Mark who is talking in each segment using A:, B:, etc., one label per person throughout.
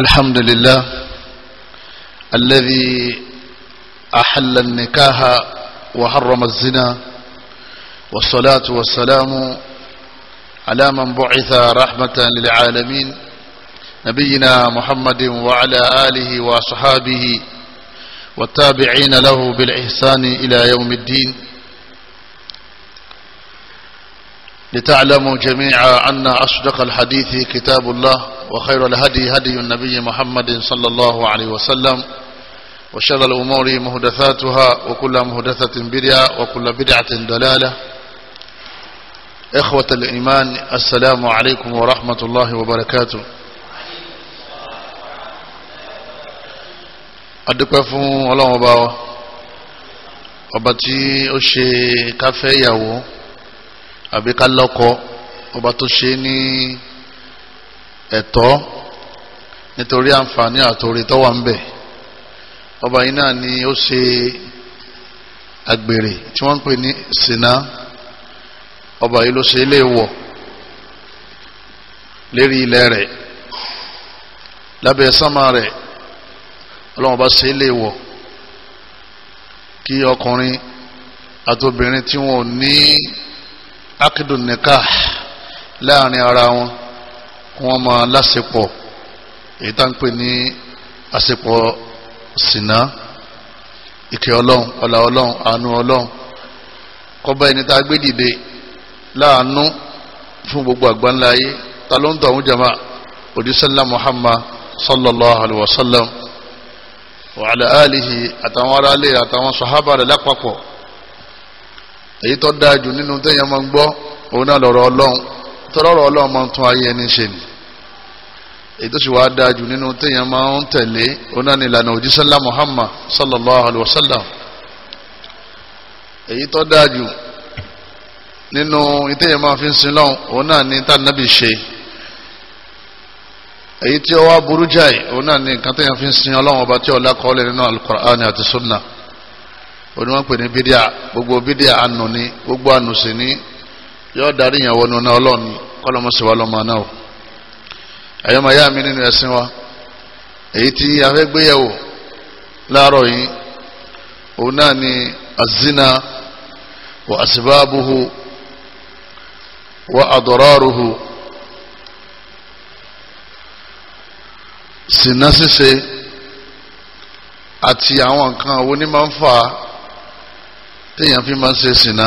A: الحمد لله الذي أحل النكاح وحرم الزنا والصلاة والسلام على من بعث رحمة للعالمين نبينا محمد وعلى آله وصحابه والتابعين له بالإحسان إلى يوم الدين لتعلموا جميعا أن أصدق الحديث كتاب الله وخير الهدي هدي النبي محمد صلى الله عليه وسلم وشر الأمور مهدثاتها وكل مهدثة بدعة وكل بدعة دلالة إخوة الإيمان السلام عليكم ورحمة الله وبركاته adúpẹ́ fún ọlọ́run وباوة وباتي أشي كافي ṣe àbí ká lọ́kọ ọba tó ṣe ní ẹ̀tọ́ nítorí àǹfààní àtòrí tó wà ń bẹ ọba yìí náà ni ó ṣe àgbèrè tí wọ́n ń pè ní sinna ọba yìí ló ṣe ilé wọ̀ lérí ilẹ̀ rẹ̀ lábẹ́ sánmà rẹ̀ ọlọ́run ọba ṣe ilé wọ̀ kí ọkùnrin àtobìnrin tí wọn ní akidu nikah láàrin ara wọn wọn máa lásìpọ̀ èyí tá ń pè ní àsìpọ̀ sìnà ìkẹ́ ọlọ́run ọlà ọlọ́run àánú ọlọ́run kọ́ba ẹni tá a gbé dìde láàánú fún gbogbo àgbáńlá ayé ta ló ń tọ̀ àwọn jama odisalla muhammad sallallahu alaihi wa sallam wa ala alihi àtàwọn aráalé àtàwọn sahaba rẹ̀ lápapọ̀ èyí tó dáa jù nínú téèyàn máa ń gbọ́ òun náà lọ́rọ̀ ọlọ́run tọ́lọ́rọ̀ ọlọ́run máa ń tún ayé ẹni ṣe ni èyí tó sì wá dáa jù nínú téèyàn máa ń tẹ̀lé òun náà ni ìlànà òjíṣẹ́ ńlá Muhammad sallallahu alayhi wa sallam èyí tó dáa jù nínú téèyàn máa fi ń sin lọ́hùn òun náà ni tànàbì ṣe èyí tí ó wá burú jáì òun náà ni nǹkan téèyàn fi ń sin ọlọ́run ọba tí ọ̀la kọ́ onímọ̀pẹ̀ ní bídíà gbogbo bídíà ànú ni gbogbo ànú sí ni yóò darí yẹn wọnú náà ọlọ́ọ̀ni kọ́lọ́mọsí wa lọ́mọ náà o ẹ̀yọ́ máa yá mi nínú ẹ̀sìn wa èyí tí a fẹ́ gbéyẹ̀wò láàárọ̀ yìí òun náà ni azina wa asibaabuhu wa adọ́rọ́ruhu sinna ṣíṣe àti àwọn nǹkan wo ń fà á téèyàn fi máa ń ṣe sìnà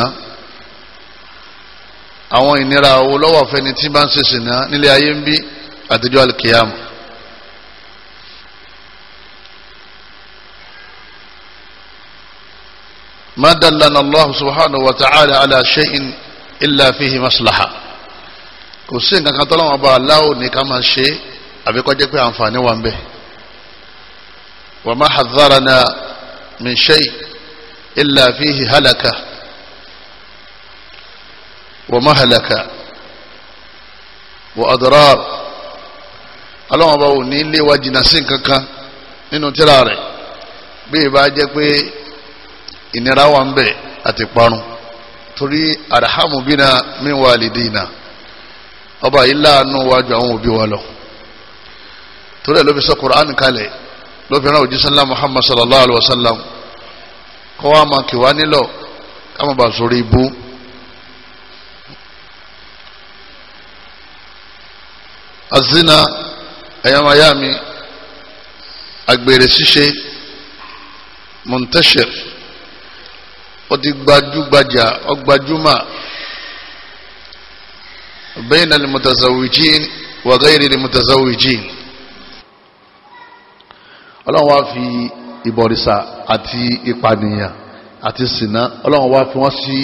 A: àwọn ìnira owó lọ́wọ́ àfẹni tí máa ń ṣe sìnà nílé ayé ń bí àtijọ́ alikiyam ma dallana allah subhanahu wa ta'ala ala shay'in illa fihi maslaha kò sí nǹkan kan tọ́lọ́wọ́n bá aláwọ̀ ní ká máa ṣe àbí kó jẹ́ pé àǹfààní wà ń bẹ wa ma hadharana min shay' إلا فيه هلكة ومهلكة وأضرار ọlọ́wọ́n bá wò ní ilé wa jìnnà sí kankan nínú tíra rẹ̀ bí ìbá jẹ́ pé ìnira wà ń bẹ̀ àti parun torí arahamu bina min walidina ọba yìí láàánú wájú àwọn òbí wa lọ torí ẹ̀ ló fi sọ Qur'an kalẹ̀ ló fi rán òjísọ́lá Muhammad sallallahu alayhi wa sallam kọ́ wa máa kì wá nílọ̀ ká má bàa sórí ibú. azina ẹ̀yàmọ̀ ayá mi àgbèrè ṣíṣe montesher ó ti gbajúgbajà ọgbajúmọ̀ bẹ́yìn náà lè mutazawijin wàgáyìrì lè mutazawijin ọlọ́run wá fi ìbọ̀rìṣà àti ìpànìyàn àti ṣìnà ọlọ́run wá fi wọ́n sí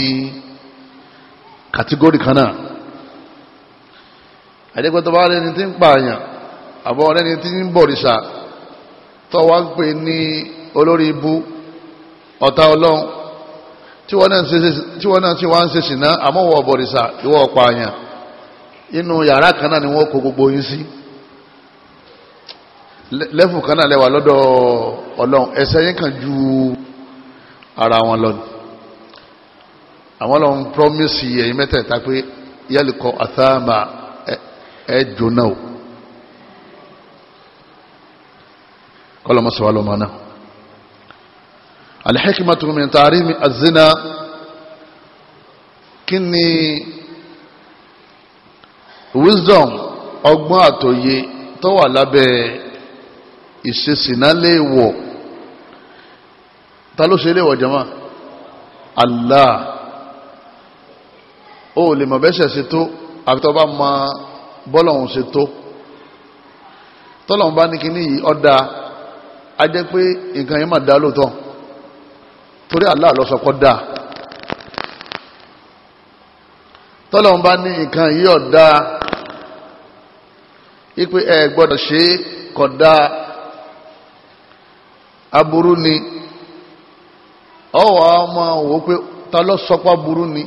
A: kàtígórì kan náà àdégbẹ́tọ́ bá lẹ́ni tí ń pààyàn àbọ̀ lẹ́ni tí ń bọ̀rìṣà tó wá ń pè ní olórí ibú ọ̀tá ọlọ́run tí wọ́n náà ti wá ń ṣe ṣìnà àmọ́wọ̀ bọ̀rìṣà ìwọ ọ̀pààyàn inú yàrá kan náà ni wọ́n kó gbogbo yín sí. Si lẹ́fù kan náà lẹ́wà lọ́dọ̀ ọlọ́run ẹ̀ṣẹ̀ yín kan ju ara wọn lọ ni àwọn ọlọ́run promise ẹ̀yin mẹ́tẹ̀ẹ̀ta pé yálùkọ àtàmà ẹ̀ jóná o kọlọmọ sọ wà lọmọ náà alhikmatu min tarimi azina kí ni wisdom ọgbọ́n àtòye tó wà lábẹ́ ìṣesìná léèwọ̀ ta ló ṣe léèwọ̀ jama Allah ó lè mọ̀ bẹ́sẹ̀ sí tó àbítọ́ bá ma bọ́lọ̀hún sí tó tọ́lọ̀hún ní kíní yìí ọ̀dà a jẹ́ pé nǹkan yẹn mà dá lóòótọ́ torí Allah lọ sọ kọ́ dáa tọ́lọ́n ní nǹkan yìí ọ̀dá ipé ẹ gbọ́dọ̀ ṣe kódà aburu ni ọwọ́ ọmọ wò pé ta ló sọ ni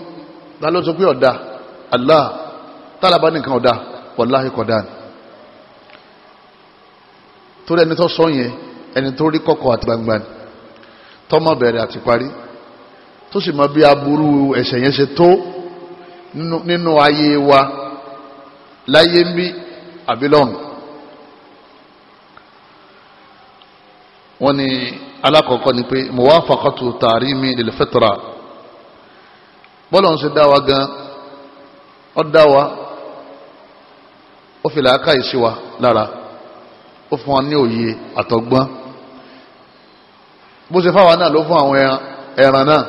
A: ta ló sọ pé ọ̀dà Allah tálàbá nìkan ọ̀dà wàláhì kọ̀dà ni torí ẹni tó sọ yẹn ẹni tó rí kọ̀kọ̀ àti gbangba ni tọ́mọ bẹ̀rẹ̀ àti parí tó sì mọ bí aburú ẹ̀ṣẹ̀ yẹn ṣe tó nínú ayé wa láyé ń abilon. wọ́n ní alákọ̀ọ́kọ́ ni pé muwafaqatu tarimi lil fitra bọ́lá ń ṣe dá wa gan ó dá wa ó fi làákà ìṣe wa lára ó fún wa ní òye àtọ̀gbọ́n bó ṣe fáwọn náà ló fún àwọn ẹran náà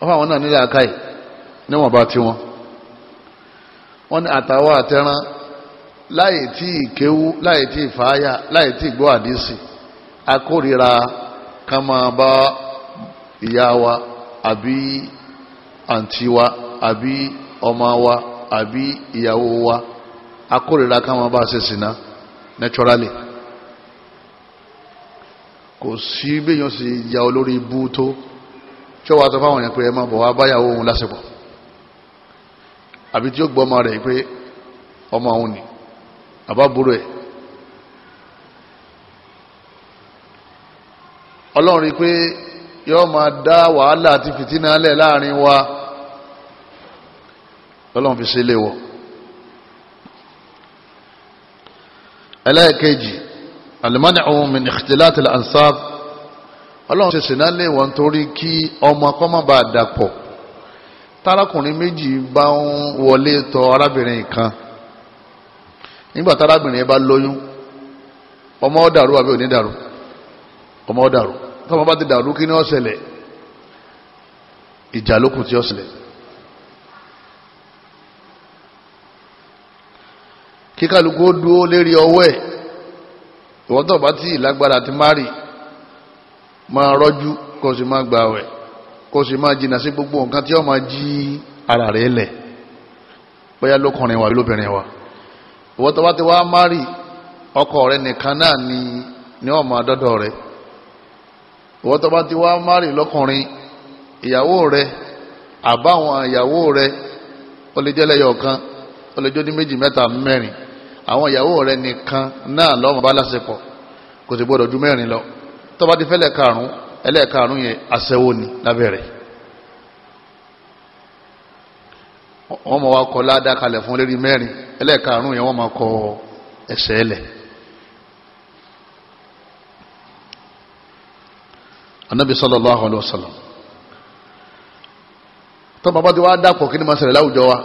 A: ó fáwọn náà nílẹ̀ àkàì níwọ̀nba tiwọn wọ́n ní àtàwọn àtẹran láì tí ìkéwú láì tí ìfàáyà láì tí ìgbọ́ àdísì akórira ká máa bá ìyá wa àbí àǹtí wa àbí ọmọ wa àbí ìyàwó wa akórira ká máa bá ṣe sìná naturally kò sí béèyàn sì ya olórí ibú tó tí ó wà tó fáwọn èèyàn pé ẹ máa bọ̀ wá báyàwó òun lásìkò àbí tí ó gbọ́ rẹ̀ pé ọmọ òun ni àbábúrò ẹ̀ ọlọ́run rí pé yọ́ máa dá wàhálà àti fìtínà lẹ̀ láàrin wa ọlọ́run fi ṣe lé wọ ẹlẹ́ẹ̀kejì al-man'u min ikhtilat al-ansab ọlọ́run ṣe ṣìnà lé wọn torí kí ọmọ kọ́ má bàa dàpọ̀ tárakùnrin méjì bá ń wọlé tọ̀ arábìnrin kan nígbà tárábìnrin yẹn bá lóyún ọmọ ó dàrú àbí ò ní dàrú ọmọ ó dàrú tọ́mọ bá ti dàrú kí ni ó ṣẹlẹ̀ ìjà lókùn tí ó ṣẹlẹ̀ kíkàlùkù ó dúó lérí ọwọ́ ẹ̀ ìwọ́n tó bá tí ìlágbára ti má rì máa rọ́jú kó sì máa gba àwẹ̀ kó sì máa jìnà sí gbogbo nǹkan tí ó máa jí ara rẹ̀ lẹ̀ bóyá lọ́kùnrin wa lóbìnrin wa ìwọ́n tó bá ti wá márì ọkọ rẹ nìkan náà ni ni wọ́n máa dọ́dọ̀ rẹ ìwọ́n tó bá ti wá márì lọ́kùnrin ìyàwó rẹ àbáwọn ìyàwó rẹ ó lè jẹ́ lẹ́yọ̀ kan ó lè jẹ́ ní méjì mẹ́ta mẹ́rin àwọn ìyàwó rẹ nìkan náà lọ́mọ bá lásìkò kò sì gbọ́dọ̀ ju mẹ́rin lọ tó bá ti fẹ́ lẹ́ẹ̀karùn-ún ẹlẹ́ẹ̀karùn-ún yẹn aṣẹ́wó ni lábẹ́rẹ́ wọ́n máa wá kọ ládàá kalẹ̀ fún lérí mẹ́rin ẹlẹ́ẹ̀karùn yẹn wọ́n máa kọ ẹsẹ̀ ẹlẹ̀ anabi sallallahu alayhi wa sallam tó bàbá ti wá dàpọ̀ kí ni máa ṣẹlẹ̀ láwùjọ wa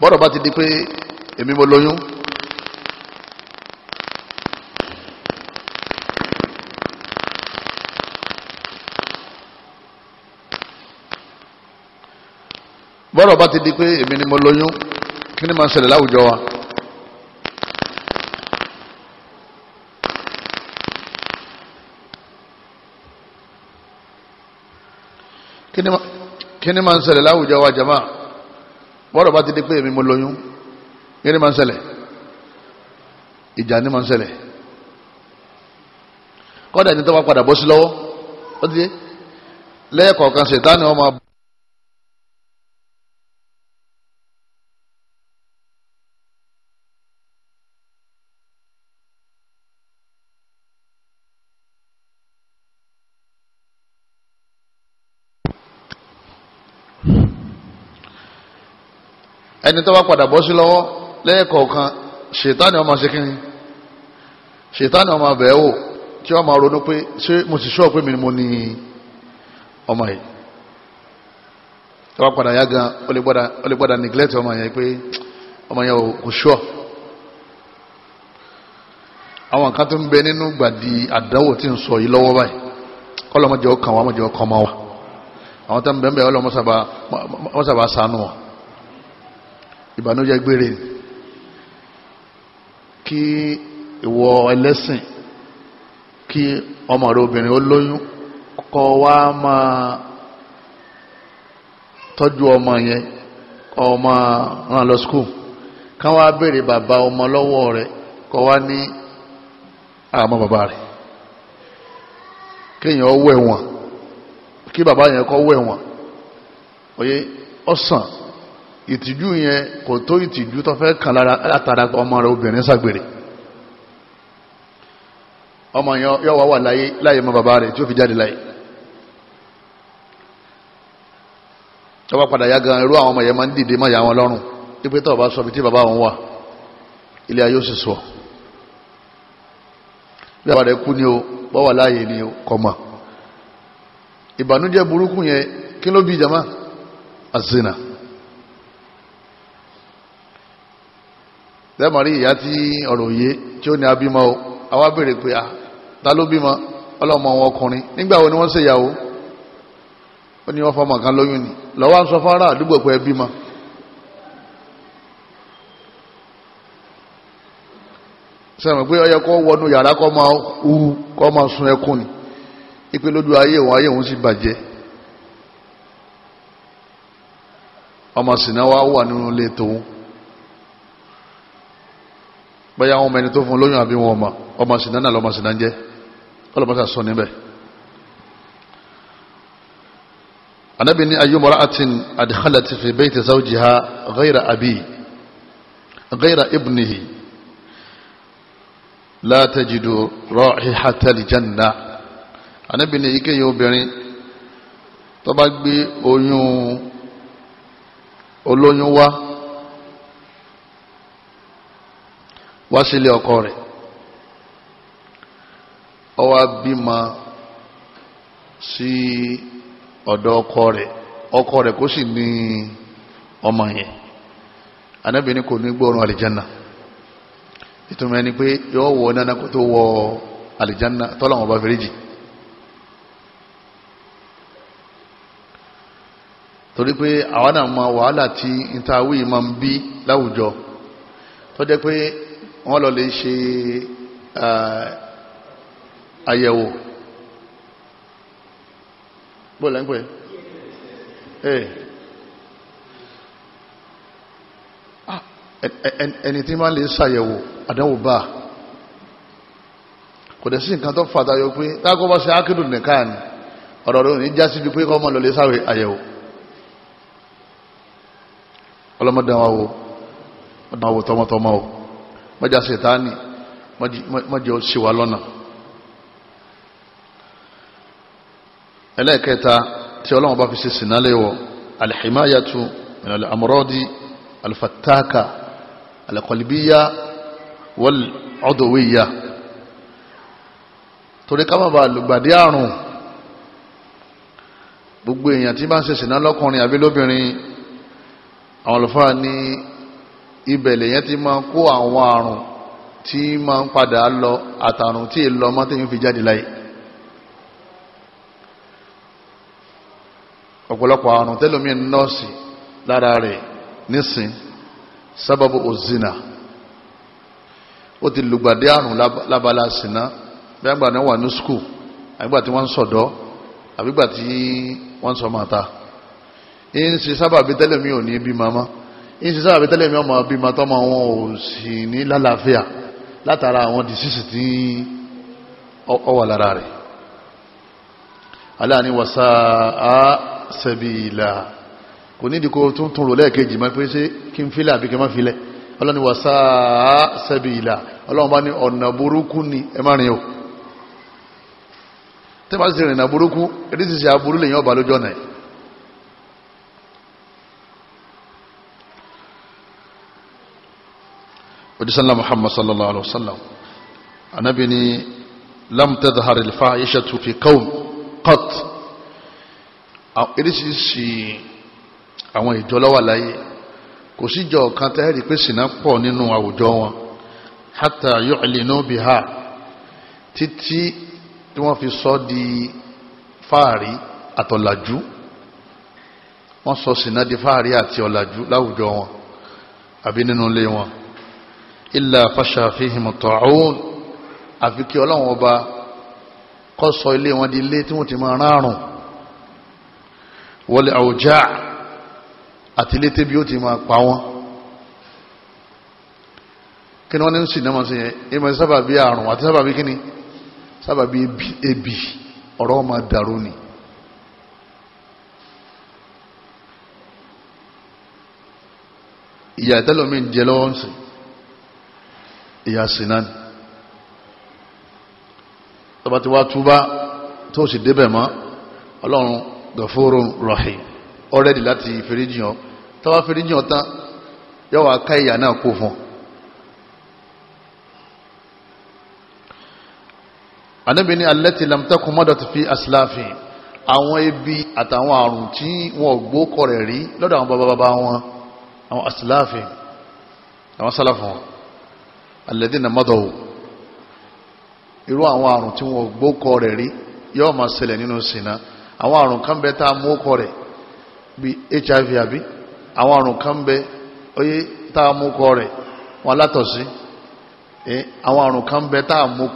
A: bọ́dọ̀ bá ti di pé èmi mo lóyún bọ́rọ̀ bá ti di pé èmi ni mo lóyún kí ni máa ń ṣẹlẹ̀ láwùjọ wa. kí ni máa ń ṣẹlẹ̀ láwùjọ wa jama bọ́rọ̀ bá ti di pé èmi mo lóyún kí ni máa ń ṣẹlẹ̀ ìjà ni máa ń ṣẹlẹ̀ kọ́dà ni tó bá padà bọ́ sí lọ́wọ́ ó ti lẹ́ẹ̀kọ̀ọ̀kan ṣètá ni wọ́n ẹni tó bá padà bọ́ sí lọ́wọ́ lẹ́ẹ̀kọ̀ọ̀kan ṣètánì ọmọ ṣe kínní ṣètánì ọmọ bẹ̀ẹ́ wò tí wọ́n máa ronú pé ṣé mo sì ṣọ́ pé mi ni mo ní ọmọ yìí tó bá padà yá gan ó lè gbọ́dà neglect ọmọ yẹn pé ọmọ yẹn kò ṣọ́ àwọn kan tó ń bẹ nínú gbàdí àdánwò tí ń sọ yìí lọ́wọ́ báyìí kọ́lọ́mọdé ọkàn wa mọ̀jẹ̀ ọkàn ọmọ wa àwọn tó ń bẹ ń bẹ ọlọ́mọ sábà sànú wọn. ìbànújẹ́ gbére kí ìwọ ẹlẹ́sìn kí ọmọ rẹ obìnrin ó lóyún kó wá máa tọ́jú ọmọ yẹn ọmọ ràn lọ skul ká wá bàbá ọmọ lọ́wọ́ rẹ̀ kọwa wá ní àmọ́ bàbá rẹ̀ kí bàbá yẹn ìtìjú yẹn kò tó ìtìjú tó fẹ́ kàn látara ọmọ rẹ̀ obìnrin ságbèrè ọmọ yẹn yọ wá wà láyé láyé mọ bàbá rẹ̀ tí ó fi jáde láyé ọba padà ya gan irú àwọn ọmọ yẹn máa ń dìde máa yà wọn lọ́rùn ipe tó ọba sọ bí tí bàbá wọn wà ilé ayé ó sì sọ bàbá rẹ̀ kú ni o bọ́ wà láàyè ni o kọ̀ mọ̀ ìbànújẹ́ burúkú yẹn kí ló bí jama azina lẹ́mọ̀rí ìyá tí ọ̀rọ̀ òye tí ó ní abímọ o àwa béèrè pé a ta ló bímọ ọlọ́mọ wọn ọkùnrin nígbà wo ni wọ́n ṣe ìyàwó ó ní wọ́n fọmọ kan lóyún ni lọ́wọ́ ń sọ fún ará àdúgbò pé ẹ bímọ. sọ̀rọ̀ pé ọyẹ kọ́ wọnú yàrá kọ́ máa hu kọ́ máa sun ẹkún ni ipe lójú ayé òun ayé òun sì bàjẹ́ ọmọ sìnà wà nínú ilé tòun bóyá àwọn ọmọ ẹni tó fún lóyún àbí wọn ọmọ ọmọ ṣìnà náà lọmọ ṣìnà jẹ́ ọlọ́mọṣà sọ níbẹ̀ anábì ní ayyu mara'atin adkhalat fi bayti zawjiha ghayra abi ghayra ibnihi la tajidu ra'ihata al-janna anábì ní ìkéyìí obìnrin tó bá gbé oyún olóyún wá Wa sílé ọkọ rẹ̀ ọwa bi bímọ sí ọdọ ọkọ rẹ̀ ọkọ rẹ̀ kó sì ní ọmọ yẹn Ànábì kò ní gbóòórùn àlìjánà ìtumọ̀ ẹni pé wọ nánà kó tó wọ bá torí pé àwọn wàhálà tí ma ń bí láwùjọ tó pé wọ́n lọ lè ṣe àyẹ̀wò bóòlẹ̀ ń pè ẹni tí máa lè ṣàyẹ̀wò àdánwò bá kò dẹ̀ sí nǹkan tó fàtà yóò pé tákọ́ bá ṣe ákìdù nìkan ni ọ̀rọ̀ rẹ̀ ní já sí ju pé kọ́ mọ́ lọ ọlọ́mọdé àwọn àwò tọmọtọmọ mọ́já sẹ̀tánì mọ́já ó ṣe wà lọ́nà ẹlẹ́ẹ̀kẹta tí ọlọ́run bá fi ṣe sìnálẹ́wọ̀ alhimayatu min al-amradi alfataka alqalbiya wal udwiya torí ká má bàa lùgbàdì àrùn gbogbo èèyàn tí bá ń ṣe sìná lọ́kùnrin àwọn àlùfáà ní ibẹ̀ lèyẹn ti máa kó àwọn àrùn tí máa ń padà lọ àtàrùn tí èlò ọmọ tí ń fi jáde láyé ọ̀pọ̀lọpọ̀ àrùn tẹ́lómi nọ́ọ̀sì lára rẹ̀ nísìn sábàbù òzìnà ó ti lùgbàdé àrùn lábala sínà bí àgbà náà wà ní skul àgbà tí wọ́n ń sọ̀dọ́ àbígbà tí wọ́n ń sọ màta yìí ṣe sábà tẹ́lẹ̀ mi ọmọ bí ma tọ́mọ wọn ò sì ní lálàáfíà látara àwọn dìsísì tí ó wà lára rẹ̀ aláàní wàsá á sẹ́bi ìlà kò nídìí kó tún tún rò lẹ́ẹ̀kejì máa pé ṣé kí n filẹ̀ àbí má filẹ̀ ọlọ́ni ni ẹ má rìn o tẹ́bà sì rìnà burúkú èdè sì ṣe aburú lèyàn òjísànlá muhammad sallallahu alaihi wasallam anabi ni lam tadhhar al-fahishatu fi qawm qat irisisi àwọn ìjọ ló wà láyé kò síjọ kan tẹ́ẹ̀rí pé ṣìnà pọ̀ nínú àwùjọ wọn hatta yu'linu biha títí tí wọ́n fi sọ di fáàrí àtọ̀làjú wọ́n sọ ṣìnà di fáàrí àti ọ̀làjú láwùjọ wọn àbí nínú ilé wọn ilà fàṣà fihim tọ̀hún àfi kí ọlọ́run ọba kọ́ sọ ilé wọn di ilé tí wọ́n ti máa rárùn wọlé àwùjá àti ilé tẹ́bi ó ti máa pa wọ́n kí ni wọ́n ní ń sì náà sí yẹn ìmọ̀ sábà bí àrùn àti sábà bí kíni sábà bí ebi ọ̀rọ̀ máa dàrú ni. ìyá ìtẹ́lómi ń jẹ lọ́wọ́ ń sìn ìyá sinan tọba ti wá túbá tó sì débẹ̀ mọ́ ọlọ́run gafóró rọ̀hì ọ̀rẹ́dì láti fèrèjìyàn tọba fèrèjìyàn tán yọ wá ká ìyà náà kó fún anábì ní alẹ́ ti lamtakun mọ́dọ̀ ti fi asìláàfì àwọn ebi àtàwọn àrùn tí wọn gbọ́ kọrẹ̀ rí lọ́dọ̀ àwọn bàbá bàbá wọn àwọn asìláàfì àwọn sálàfì wọn alladhina madaw irú àwọn àrùn tí wọ́n gbókọ rẹ̀ rí ma máa ṣẹlẹ̀ nínú na àwọn àrùn kan bẹ tá a mú kọ rẹ̀ hiv abi àwọn àrùn kan bẹ oyé tá a mú kan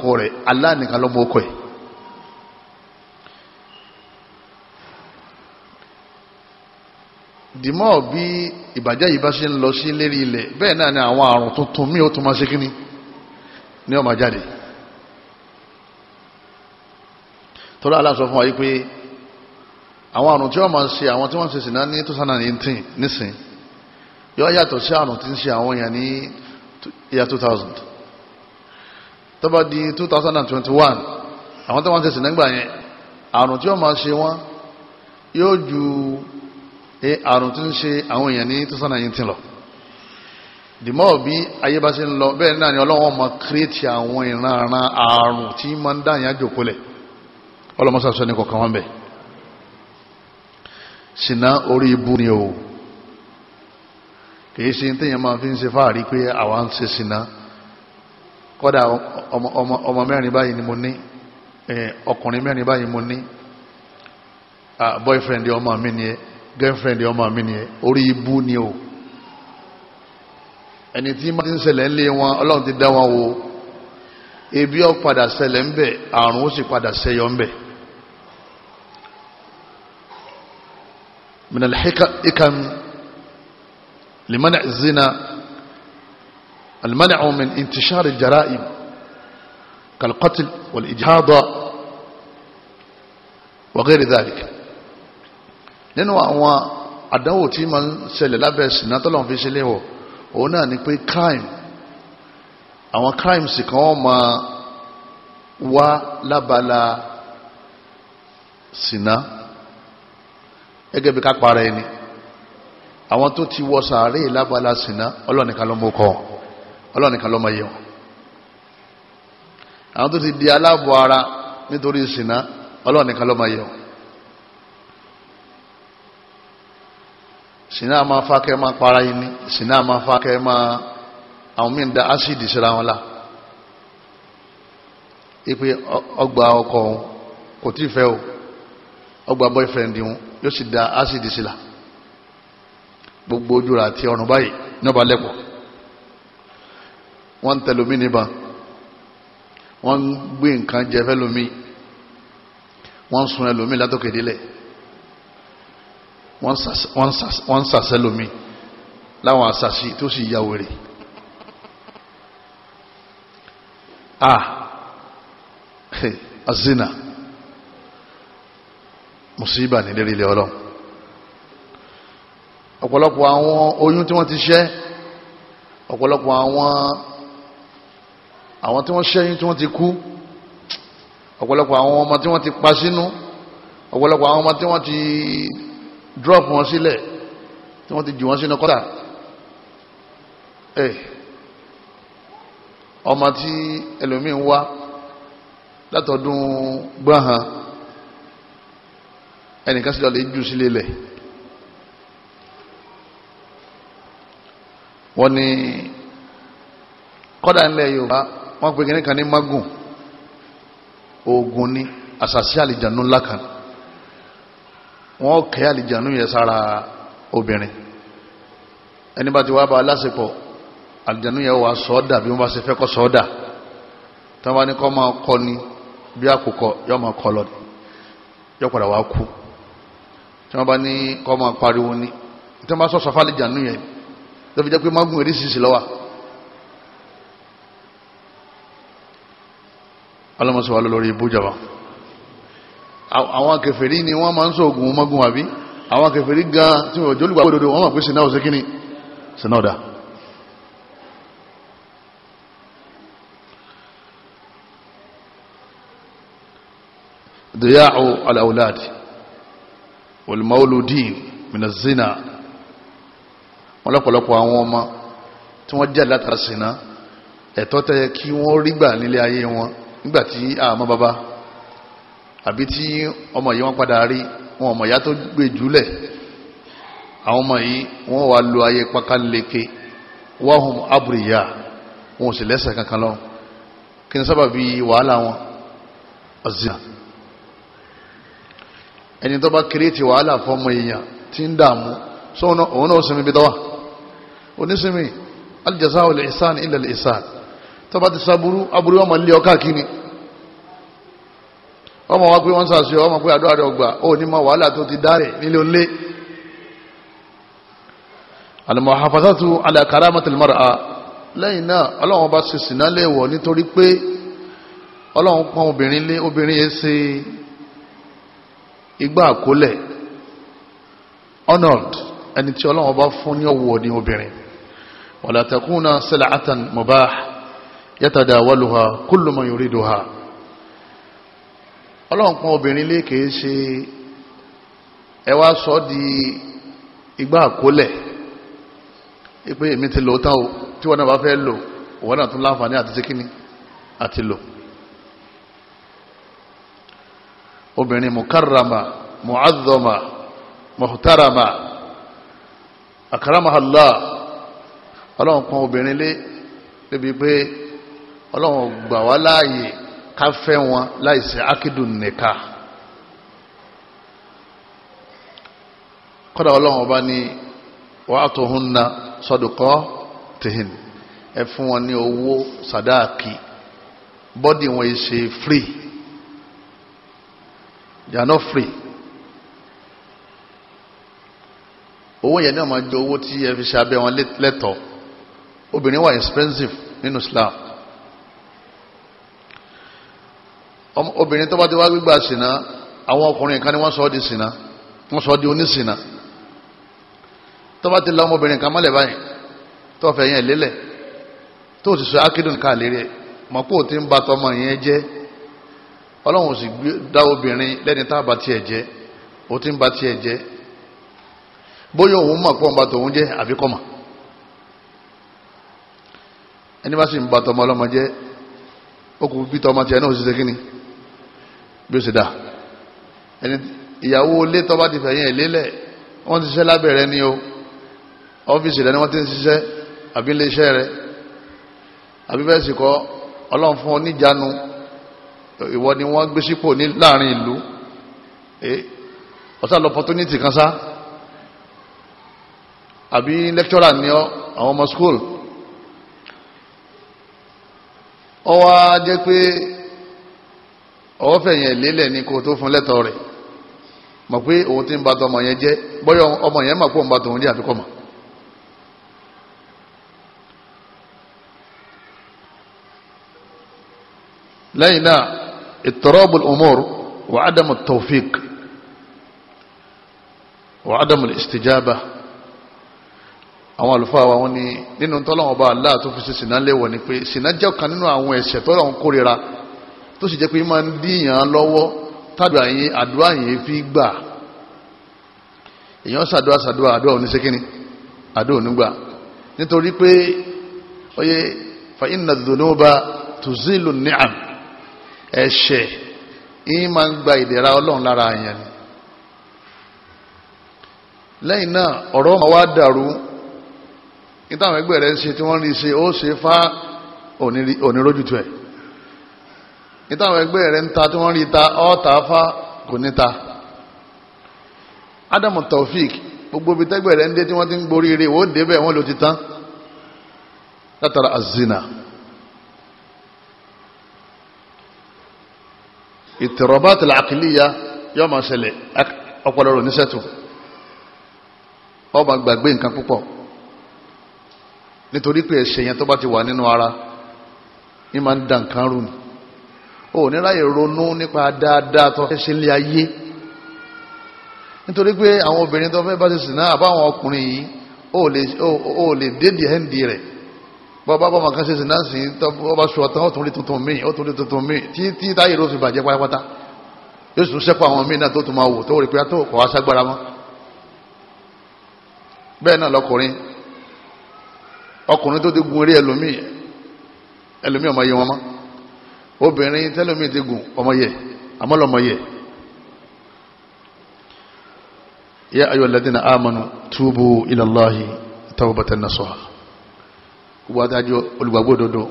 A: kọ dìmọ́ bí ìbàjẹ́ yìí bá ṣe ń lọ sí lérí ilẹ̀ bẹ́ẹ̀ náà ni àwọn àrùn tuntun míì ó tún máa ṣe kíní ní ó máa jáde tọ́lá aláṣọ fún wa yí pé àwọn àrùn tí wọ́n máa ṣe àwọn tí wọ́n ṣe sìnà ní 2019 nísìn yọ yàtọ̀ sí àrùn tí ń ṣe àwọn èèyàn ní year 2000 tó di 2021 àwọn tó wọ́n ṣe sìnà gbà yẹn àrùn tí wọ́n máa ṣe wọ́n yóò ju àrùn tí ń ṣe àwọn èèyàn ní tí sọ́nà yìí ti lọ dìmọ́ bí ayé bá ṣe ń lọ bẹ́ẹ̀ náà ni ọlọ́wọ́n ma kírètì àwọn ìran àrùn tí ma ń dáyàn jòkólẹ̀ ọlọ́mọsàsọ ní kọ̀kan wọn bẹ̀ ṣìnà orí ibu ni o kìí ṣe tíyàn máa fi ń ṣe fáàrí pé àwa ń ṣe ṣìnà kọ́dà ọmọ mẹ́rin báyìí ni mo ní ọkùnrin mẹ́rin báyìí mo ní boyfriend ọmọ mi ni ẹ girlfriend ọmọ mi ni orí ibú ni o ẹni tí máa ti ń ṣẹlẹ̀ ńlé wọn ọlọ́run ti dá wọn wo ebi ó padà ṣẹlẹ̀ ń bẹ̀ àrùn ó sì padà ṣẹyọ ń bẹ̀ minal hikam limana zina المنع من انتشار الجرائم كالقتل والإجهاض وغير ذلك nínú àwọn àdánwò tí máa ń ṣẹlẹ̀ lábẹ́ ṣìnà tọ́lọ̀ fi ṣe léwọ̀ òun náà ni pé crime àwọn crimes kan wọ́n máa wá lábala ṣìnà gẹ́gẹ́ bí ká para ẹni àwọn tó ti wọ sàárè lábala ṣìnà ọlọ́nìkan ló mú kọ ọlọ́nìkan ló máa yẹ wọn àwọn tó ti di aláàbọ̀ ara nítorí ṣìnà ọlọ́nìkan ló máa yẹ wọn sinna máa fa kẹ́ máa para yín ni sinna máa fa kẹ́ máa àwọn míì ń da ásìdì síra wọn la ipe ọgbà ọkọ òun kò tí fẹ́ o ọgbà boyfriend òun yóò sì da ásìdì sí la gbogbo ojú rà àti ọrùn báyìí níwọ̀n lẹ́pọ̀ wọ́n ń tẹlomi níbọn wọ́n ń gbé nǹkan jẹ fẹ́lomi wọ́n ń sun ẹlòmí látòkè délẹ̀ wọ́n ń sàṣẹ́ lómi láwọn àṣàṣì tó sì ya wèrè a azina musiba ní lérí ilẹ̀ ọlọ́run ọ̀pọ̀lọpọ̀ àwọn oyún tí wọ́n ti ṣẹ́ ọ̀pọ̀lọpọ̀ àwọn àwọn tí wọ́n ṣẹ́yún tí wọ́n ti kú ọ̀pọ̀lọpọ̀ àwọn ọmọ tí wọ́n ti pa sínú ọ̀pọ̀lọpọ̀ àwọn ọmọ tí wọ́n ti drop wọn sílẹ̀ tí wọ́n ti jù wọ́n sínú kọ́tà ẹ̀ eh, ọmọ tí ẹlòmíín wá látọ̀dún gbọ́nhàn ẹnìkan sílẹ̀ lè jù sílẹ̀ lẹ̀ wọ́n ní kọ́dà ńlẹ̀ Yorùbá wọ́n pe kìnnìkan ní magun oògùn ni àṣàṣì àlìjànú ńlá wọ́n kẹ́ àlìjànú yẹn sára obìnrin ẹni bá ti wá bá aláṣepọ̀ àlìjànú yẹn wà sọ́ọ́dà bí wọ́n bá ṣe fẹ́ kọ́ sọ́ọ́dà tí wọ́n bá ní kọ́ máa kọ́ ni bí àkùkọ yọ máa kọ́ lọ yọ padà wá kú tí wọ́n ní kọ́ máa pariwo ni tí wọ́n bá fàlìjànú yẹn tó fi jẹ́ pé mágùn eríṣiríṣi lọ́wà ọlọ́mọsọ̀wá lórí ibú àwọn kèfèrí ni wọ́n máa ń sóògùn mọ́gùn àbí àwọn kèfèrí gan tí wọ́n jólùgbà òdòdó wọ́n mọ̀ pé sinna òsè kíni sinna dìyàwó aláwòláàdì olùmọ́lódì minazina wọ́n lọ́pọ̀lọpọ̀ àwọn ọmọ tí wọ́n jẹ́ látara sinna ẹ̀tọ́ tẹ́ kí wọ́n rígbà nílé ayé wọn nígbàtí àmọ́ bàbá àbí tí ọmọ yìí wọ́n padà rí wọn ọmọ ìyá tó gbé jùlẹ̀ àwọn ọmọ yìí wọ́n wà lo ayé pákáleke wahum abriya wọn ò sì lẹ́sẹ̀ kankan lọ kí ni sábà bí wàhálà wọn ọ̀zìnà ẹni tó bá kírètì wàhálà fọmọ èèyàn tí ń dààmú sọ òun náà sinmi bí tọ́wà onísinmi ọmọ wa pé wọ́n sàṣẹ ọmọ pé àdúrà rẹ̀ ọgbà ó ní mọ wàhálà tó ti dárẹ̀ nílé olé al-muhafazatu ala karamatil mar'a lẹ́yìn náà ọlọ́run bá ṣe sìná léèwọ̀ nítorí pé ọlọ́run pọ́n obìnrin lé obìnrin yẹn ṣe igbá àkólẹ̀ honored ẹni tí ọlọ́run bá fún ní ọ̀wọ̀ ní obìnrin wala takuna sil'atan mubah yatadawaluha kullu man yuriduha ọlọ́run pọ́n obìnrin lé kìí ṣe ẹ wá sọ di igbá àkólẹ̀ pé èmi ti lò tán o tí wọ́n náà bá fẹ́ lò wọ́n náà tún láǹfààní àti ṣe kíní àti lò obìnrin mukarrama mu'azzama muhtarama akaramahala ọlọ́run obìnrin lé débi pé ọlọ́run gbà wá láàyè ká fẹ́ wọn láìsí ákídùn nìka kọ́dà ọlọ́run ọba ní wàátòhúnna sọ́dùkọ́ tìhìn ẹ fún wọn ní owó sàdáàkì bọ́dì wọn yìí ṣe free they are free owó yẹn náà máa jẹ owó tí ẹ fi ṣe abẹ́ wọn lẹ́tọ̀ọ́ obìnrin wà expensive nínú Islam obìnrin tó bá ti wá gbígbà sínà àwọn ọkùnrin kan ni wọ́n sọ ọ́ di sínà wọ́n sọ ọ́ di onísínà tó bá ti la ọmọbìnrin kan mọ́lẹ̀ báyìí tó fẹ́ yẹn lélẹ̀ tó sì sọ akídùn ká lérí ẹ̀ mọ̀ kó o ti ń ba yẹn jẹ́ ọlọ́run sì dá obìnrin lẹ́ni tá a ba tiẹ̀ jẹ́ o ti ń ba tiẹ̀ jẹ́ bóyá òun mọ̀ pọ̀ ń ba tòun jẹ́ bí ó sì dá ẹni ìyàwó ilé tó bá ti fẹ̀yìn ẹ̀ lélẹ̀ wọ́n ti ṣiṣẹ́ lábẹ́ rẹ ni o ọ́fíìsì rẹ ni wọ́n ti ń ṣiṣẹ́ àbí ilé iṣẹ́ rẹ àbí bẹ́ẹ̀ sì kọ́ ọlọ́run fún oníjànú ìwọ ni wọ́n gbé sípò ní láàrin ìlú ọ̀sá lọ opportunity kan sá àbí lecturer ni ọ àwọn ọmọ school ọ wá jẹ́ pé ọwọ́ fẹ̀yìn lélẹ̀ ní kó tó fún lẹ́tọ̀ rẹ̀ mọ̀ pé òun ti ń ba tọmọ yẹn jẹ́ bọ́yọ̀ ọmọ yẹn mọ̀ pé òun ba tòun jẹ́ àfikọ́ mọ̀ lẹ́yìn náà ìtọ́rọ́bù umur wà ádámù tawfiq wà ádámù istijaba àwọn àlùfáà wa wọn ni nínú tọ́lọ́wọ́n bá aláàtúfisí sinálẹ́wọ̀ ni pé sinajẹ́ kan nínú àwọn ẹ̀ṣẹ̀ tọ́lọ́wọ́n kórira tó sì jẹ́ pé máa ń díyàn lọ́wọ́ tàdúrà yín àdúrà yín fi gbà èèyàn ṣàdúrà ṣàdúrà àdúrà òní sékíní àdúrà òní gbà nítorí pé ọyẹ fa inna dhunuba tuzilu ni'am ẹ̀ṣẹ̀ yín máa ń gba ìdẹ̀ra ọlọ́run lára àyàn lẹ́yìn náà ọ̀rọ̀ máa wá dàrú nítawọn ẹgbẹ́ rẹ̀ ń ṣe tí wọ́n rí ṣe ó ṣe fá ònírójútu ẹ̀ nítawọn ẹgbẹ́ rẹ̀ ń ta tí wọ́n rí ta ọ́ta fá kò ní ta Adamu Taofik gbogbo ibi tẹ́gbẹ́ rẹ̀ ń dé tí wọ́n ti ń gborí rẹ̀ wọ́n débẹ̀ wọ́n ló ti tán látara azina ìtẹ̀rọ̀bá tẹ̀lẹ̀ àkìlíya yọ́ máa ṣẹlẹ̀ ọpọlọ rẹ̀ ọba gbàgbé nǹkan púpọ̀ nítorí pé ẹ̀ṣẹ̀ yẹn tó bá ti wà nínú ara ní máa ń da nǹkan rú ni o ní ráyè ronú nípa dáadáa tó fẹ́ ṣe lé ayé nítorí pé àwọn obìnrin tó fẹ́ bá ṣe sìn náà àbáwọn ọkùnrin yìí o lè dédìí ẹ̀ǹdì rẹ̀ bọ́bá bọ́ màkà ṣe sìn náà sí ọba ṣù ọ̀tán ó tún rí tuntun míì ó tún rí tuntun míì tí tí táyé ló fi bàjẹ́ pátápátá yóò sì tún ṣẹ́kọ̀ àwọn míì náà tó tún máa wò tó rí pé tó kọ̀ wá ságbára mọ́ bẹ́ẹ̀ náà lọkùnrin ọkùnrin tó ti gun eré ẹlòmíì ẹlòmíì ọmọ yẹ wọn mọ́ obìnrin tẹ́lómi ti gùn ọmọyẹ àmọ́lọmọyẹ ya ayyuhal na amanu tubu ila Allahi tawbatan nasuha gbogbo adájọ́ olùgbàgbọ́ òdodo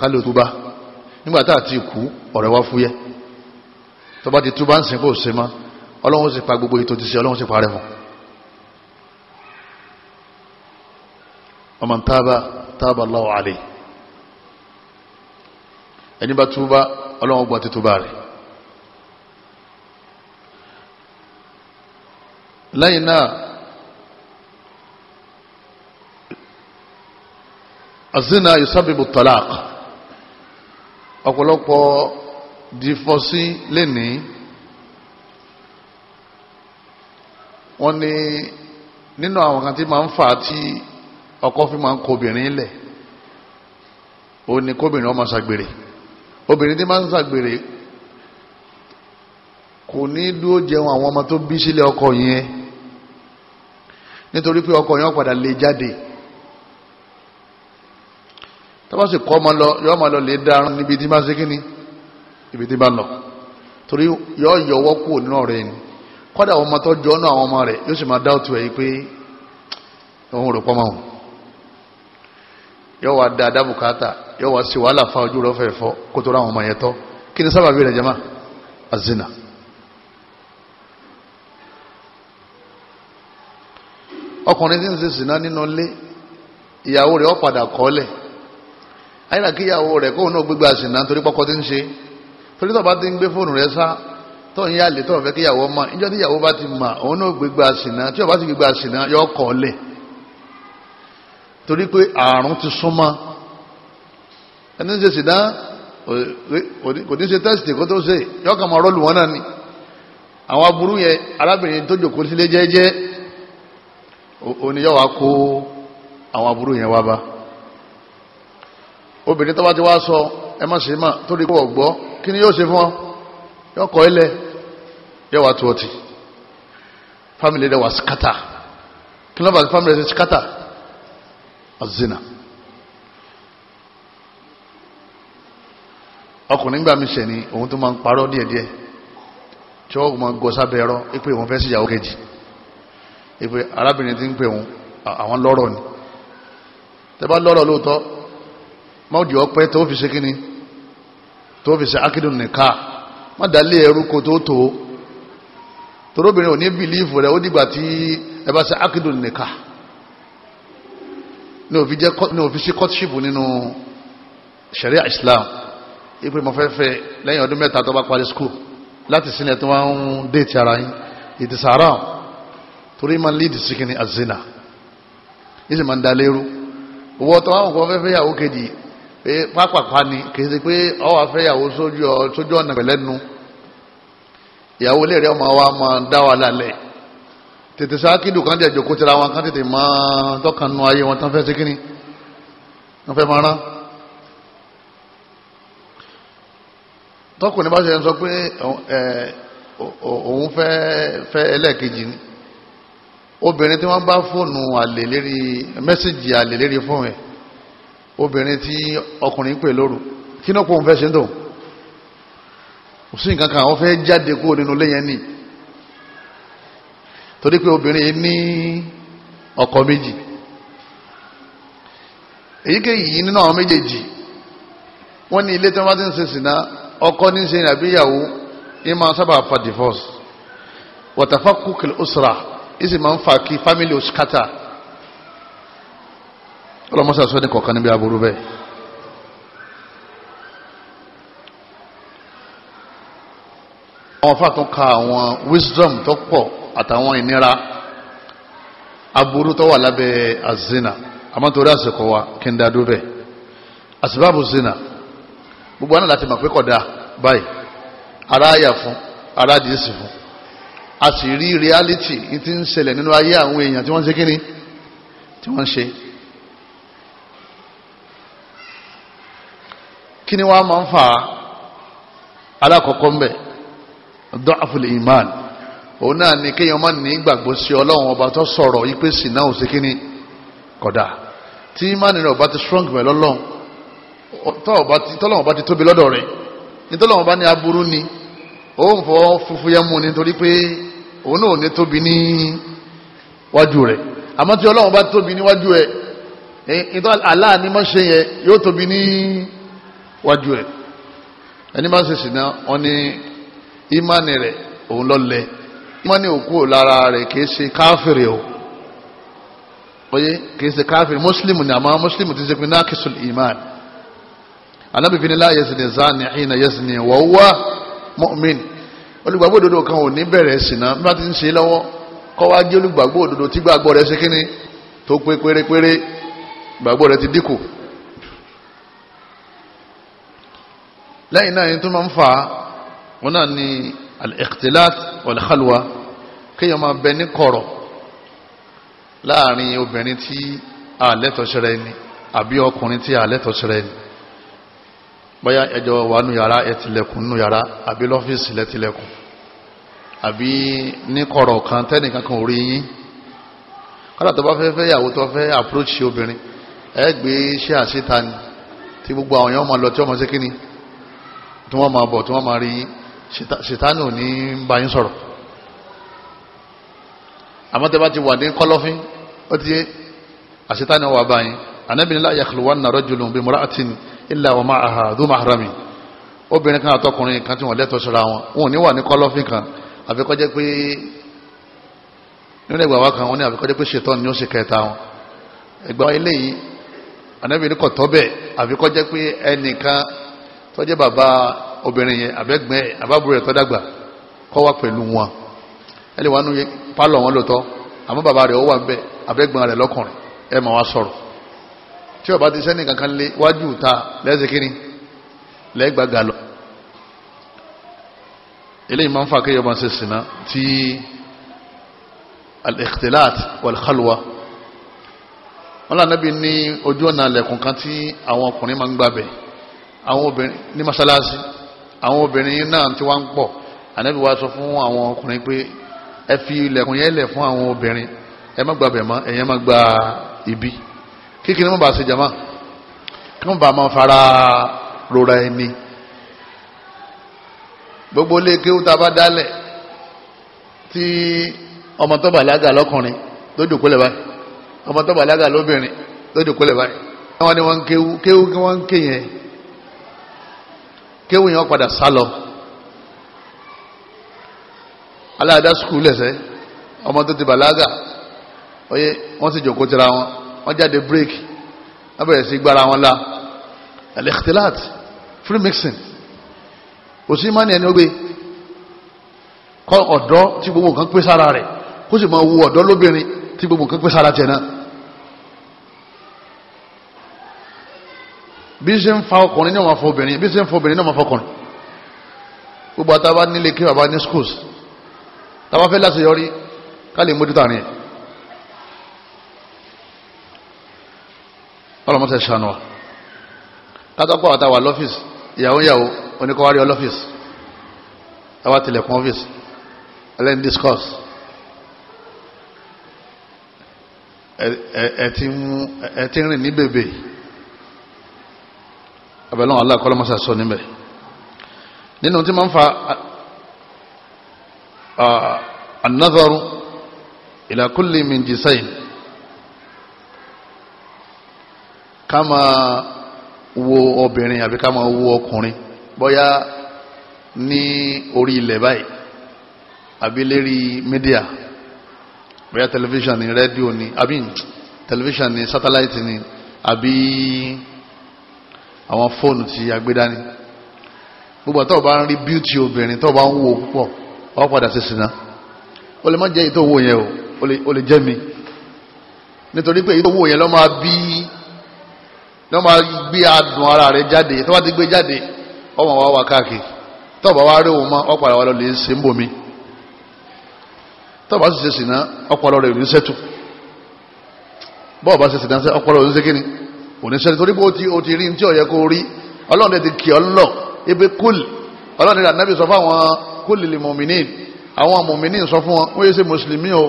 A: kálò tó nígbàtà àti ikú ọ̀rẹ́ wá fúyẹ́ tó ti túbá ń sìn kó ṣe má ọlọ́run sì pa gbogbo ètò ti ṣe ọlọ́run sì parẹ́ fún ọmọ tábà tábà ẹni bá túbá ọlọ́wọ́n gbà títúbá rẹ̀ lẹ́yìn náà azina yusabibu talaq ọ̀pọ̀lọpọ̀ difọ́sí lénìí wọ́n ní nínú àwọn kan tí máa ń fà á tí ọkọ fi máa ń kọ lẹ̀ òun ni kóbìnrin ọmọ ṣàgbèrè obìnrin tí máa ń ṣàgbèrè kò ní dúró jẹun àwọn ọmọ tó bí sílẹ̀ ọkọ yẹn nítorí pé ọkọ yẹn padà lè jáde tọ́bá kọ́ ọmọ lọ yọ́ ọmọ lọ lè dáràn níbi tí máa ń ṣe ni ibi tí máa ń lọ torí yọ́ yọwọ́ kúrò nínú ọ̀rẹ́ ni kọ́dà ọmọ tó jọ ọ́nà àwọn ọmọ rẹ̀ yóò sì máa dá òtù ẹ̀ yìí pé òun rò pọ́nmọ́ òun yóò wá da adá bùkátà yóò wá sí wàhálà fa ojú rọ fẹ́ẹ̀ fọ́ kó tó ráwọn ọmọ yẹn tọ́ kí ni azina ọkùnrin tí ń se sìná nínú ilé ìyàwó rẹ̀ ó kọ́lẹ̀ ayíra kí ìyàwó rẹ̀ kóun náà gbégbá torí pọ́kọ́ tí ń torí bá ti ń gbé fóònù rẹ̀ sá ń ti òun náà torí pé àrùn ti súnmọ́ ẹni ṣe sì dán kò ní ṣe tẹ́sìtì kó tó ṣe yọkàn máa rọ́ọ̀lù wọn náà ni àwọn aburú yẹn arábìnrin tó jòkó sílé jẹ́jẹ́ oníyàwó kó àwọn aburú yẹn wá bá obìnrin tó bá ti wá sọ ẹ má ṣe má torí pé ọ̀gbọ́ kí ni yóò ṣe fún ọ yọkọ̀ ilẹ̀ yọwà tó ọtí fámìlì rẹ wà síkátà kí ló bá fámìlì rẹ ti azina ọkùnrin gbà mí ṣẹ̀ ni òun tó máa ń parọ́ díẹ̀díẹ̀ tí wọ́n máa ń gọ sábẹ́ ẹ̀rọ ipe wọn fẹ́ sí ìyàwó kejì ipe arábìnrin tí ń pè wọn àwọn lọ́rọ̀ ni tẹ́bá lọ́rọ̀ lóòótọ́ mọ́ọ̀dì ọpẹ́ tó fi ṣe kíni tó fi ṣe akídùn nìka má dálé ẹrú kó tó tó torobìnrin ò ní bìlíìfù rẹ̀ ó dìgbà tí ẹ bá ṣe akídùn nìka ní òfin jẹ́ ní òfin kọ́tíṣìpù nínú sharia islam ipe mo fẹ́ fẹ́ lẹ́yìn ọdún mẹ́ta tó bá parí skul láti sílẹ̀ tó wọ́n ń déètì ara yín it is haram torí máa ń lead sí kìíní azina yìí sì máa ń da lérú owó ọtọ àwọn kan fẹ́ẹ́ fẹ́yàwó kejì pé pápápá ni kì í ṣe pé ọwọ́ afẹ́yàwó sójú ọ̀nà pẹ̀lẹ́nu ìyàwó ilé rẹ̀ ọmọ wa máa dá wa lálẹ́ tètè sáàkìdù kan dẹ̀jọ kó tẹ́ra wọn kan tètè máa tọ́kànnú ayé wọn tán fẹ́ sí kíní wọ́n máa rán tọ́kùnrin bá ṣe sọ pé òun fẹ́ fẹ́ ni obìnrin tí wọ́n bá fóònù àlè lérí mẹ́sẹ̀jì àlè lérí fóònù ẹ̀ obìnrin tí ọkùnrin pè lóru kí náà pòun fẹ́ ṣe ń tò sí nǹkan kan àwọn fẹ́ jáde kúrò nínú ilé yẹn torí pé obìnrin ní ọkọ méjì èyíkéyìí nínú àwọn méjèèjì wọ́n ní ilé tí wọ́n bá ti ń ṣe sìná ọkọ ní ṣe àbí ìyàwó ní máa sábà fa divorce wọ̀tàfà kúkìlì ọ̀sra ìsì máa ń fa kí family ọ̀sùkátà ọlọ́mọṣà sọ ní kọ̀ọ̀kan níbi aburú bẹ́ẹ̀. àwọn fàtún ka àwọn wisdom tó pọ̀ àtàwọn ìnira aburú tó wà lábẹ́ azina àmọ́ torí àsìkò wa kí n dádú bẹ́ẹ̀ àsìbáàbù zina gbogbo àná láti mọ̀ pé kódà báyìí ara àyà fún ara àdìsí fún a sì rí reality tí ń ṣẹlẹ̀ nínú ayé àwọn èèyàn tí wọ́n ń ṣe kíni tí wọ́n ń ṣe kí wọ́n máa ń fà alákọ̀ọ́kọ́ ń bẹ̀ dọ́àfùlì ìmáàlì òun náà ni kéèyàn má ní gbàgbọ́ sí ọlọ́run ọba tó sọ̀rọ̀ yí pé sìnà ò sí kíní kódà tí ìmánì rẹ̀ ọba ti strong mẹ́ lọ́lọ́run tọ́lọ́run ọba ti tóbi lọ́dọ̀ rẹ̀ nítọ́lọ́run ọba ní aburú ni òun fọ́ funfun yẹn mú ni torí pé òun náà ò ní tóbi ní wájú rẹ̀ àmọ́ tí ọlọ́run ọba tóbi níwájú ẹ̀ ìtọ́ aláàní má ṣe yẹn yóò tóbi ní wájú ẹ̀ ẹni má ṣe sìnà ọ ní ìmánì rẹ̀ òun lọ́lẹ̀ mọ́ni òkú ò lára rẹ̀ kìí ṣe káfìrì o oye kìí ṣe káfìrì mùsùlùmù ni àmọ́ mùsùlùmù ti ṣe pé náà kìsùn iman anábìfinilá yẹsìnì zani ìnà yẹsìnì wọ́wọ́ mọ́min olùgbàgbọ́ òdodo kan ò ní bẹ̀rẹ̀ sìnà bí wọ́n ti ń ṣe lọ́wọ́ kọ́ wá gé olùgbàgbọ́ òdodo tí gbàgbọ́ rẹ̀ ṣe kíni tó pé pérépéré gbàgbọ́ rẹ̀ ti dínkù lẹ́yìn náà tó máa ń fà á wọn náà ni al-ikhtilat wal-khalwa kéèyàn máa bẹ ní kọ̀rọ̀ láàrin obìnrin tí àlẹ́tọ̀ṣẹ̀rẹ̀ ni àbí ọkùnrin tí àlẹ́tọ̀ṣẹ̀rẹ̀ ni bóyá ẹjọ́ wà nù yàrá ẹtìlẹ̀kùn nù yàrá àbí lọ́fíìsì lẹ́tìlẹ̀kùn àbí ní kọ̀rọ̀ kan tẹ́nìkan kan ò rí yín kọ́dà tó bá fẹ́ fẹ́ yàwó tó fẹ́ approach obìnrin ẹ tí gbogbo àwọn èèyàn máa lọ tí wọ́n máa ṣe kíni tí wọ́n máa bọ̀ tí wọ́n máa rí yín ṣètánù ní bá yín sọ̀rọ̀ àmọ́ tẹ́ bá ti wà ní kọ́lọ́fín ó ti yé àṣetánù wà bá yín anábìnrin láyà kìlúwà nà rajulun bí mura'atin illa wa ma'aha dhu mahrami obìnrin kan àtọkùnrin kan tí wọ́n lẹ́tọ̀ọ́ síra wọn wọn ò ní wà ní kọ́lọ́fín kan àfikọ́jẹ́ pé nínú ìgbà wa kan wọn ní àfikọ́jẹ́ pé ṣètánù ni ó ṣe kẹta wọn ìgbà eléyìí anábìnrin kọ̀ tọ́bẹ̀ àfikọ́jẹ́ pé ẹnìkan tọ́jẹ́ bàbá obìnrin yẹn àbẹ́gbẹ́ àbábúrò ẹ̀ tọ́dàgbà kọ́ wá pẹ̀lú wọn ẹ lè wá nú pálọ̀ wọn lóòótọ́ àmọ́ bàbá rẹ̀ ó wà bẹ́ẹ̀ àbẹ́gbọ́n rẹ̀ lọ́kùnrin ẹ máa wá sọ̀rọ̀ tí ó ti sẹ́ni kankan lé wájú ta lẹ́sẹ̀ kínní lẹ́gbàgà lọ eléyìí máa ń fa kéèyàn máa ṣe sìnà tí al-ikhtilat wal-khalwa wọn lànàbí ní ojú ọ̀nà alẹ̀kùn kan tí àwọn ọkùnrin máa ń gbàbẹ̀ àwọn obìnrin ní masalasi àwọn obìnrin náà tí wọ́n ń pọ̀ ànábì wa sọ fún àwọn ọkùnrin pé ẹ fi ilẹ̀kùn yẹn lẹ̀ fún àwọn obìnrin ẹ má gba bẹ̀ mọ́ ẹ̀yẹn má gba ibi kíkiri má bàa ṣe jama kí wọ́n bàa máa fara rora ẹni gbogbo ilé kéwù tá a bá dálẹ̀ tí ọmọ tó bàlágà lọ́kùnrin tó jòkó lẹ̀ báyìí ọmọ tó bàlágà lóbìnrin tó jòkó lẹ̀ báyìí wọ́n ní wọ́n ń kéwù kéwù kí wọ́n ń ké yẹn kéwù yẹn padà sálọ aláàdá sukùl lẹ́sẹ̀ ọmọ tó ti bàlágà oye wọ́n sì jòkó tira wọn wọ́n jáde break wọ́n bẹ̀rẹ̀ sí gbára wọn la al free mixing òsì mánìyà ni ó gbé kọ́ ọ̀dọ́ tí gbogbo nǹkan pé sára rẹ̀ kó sì máa wu ọ̀dọ́ lóbìnrin tí gbogbo nǹkan pé sára tiẹ̀ náà. bí ṣe ń fa ọkùnrin ní ọmọ afọ obìnrin bí ṣe ń fa obìnrin ní ọmọ afọ ọkùnrin gbogbo àtàwọn nílé kí baba ní schools táwọn fẹ́ láṣeyọrí ká lè mójútó àárín ẹ̀ ọlọ́mọṣẹ́ ṣàánú wa kátọ́pọ̀ àtàwà lọ́fíìsì ìyàwó ìyàwó oníkọ́wárí ọlọ́fíìsì àwa tilẹ̀kùn ọ́fíìsì ẹlẹ́ni discourse ẹ̀ ti ń rìn ní bèbè yìí abẹ́lẹ́ Allah kọ́lọ́ mọ́sá sọ níbẹ̀ nínú tí máa ń fa an-nazaru ila kulli min jisayn ká máa wo obìnrin àbí ká máa wo ọkùnrin bóyá ní orí ilẹ̀ báyìí àbí lérí mídíà bóyá tẹlifíṣàn ni rẹ́díò ni àbí tẹlifíṣàn ni sátáláìtì ni àbí. àwọn fóònù ti agbédání gbogbo àtọ́ bá ń rí bíútì obìnrin tó bá ń wo púpọ̀ ọ padà sí sinà ó lè má jẹ́ o lè mi nítorí pé èyí tó yẹn ló bí ló gbé adùn ara rẹ jáde tó bá ti gbé jáde ọmọ wa wà káàkiri bá ọ padà wà ṣe ń bomi bá sì ṣe rẹ̀ ò oníṣẹ́ nítorí pé o ti rí ní tí ó yẹ kó rí ọlọ́run ti kì ọ́ lọ ebe kúlì ọlọ́run ní ànábì sọ fún àwọn kúlì lè mọ̀mìnì àwọn mọ̀mìnì sọ fún wọn wọ́n yé ṣe mùsùlùmí o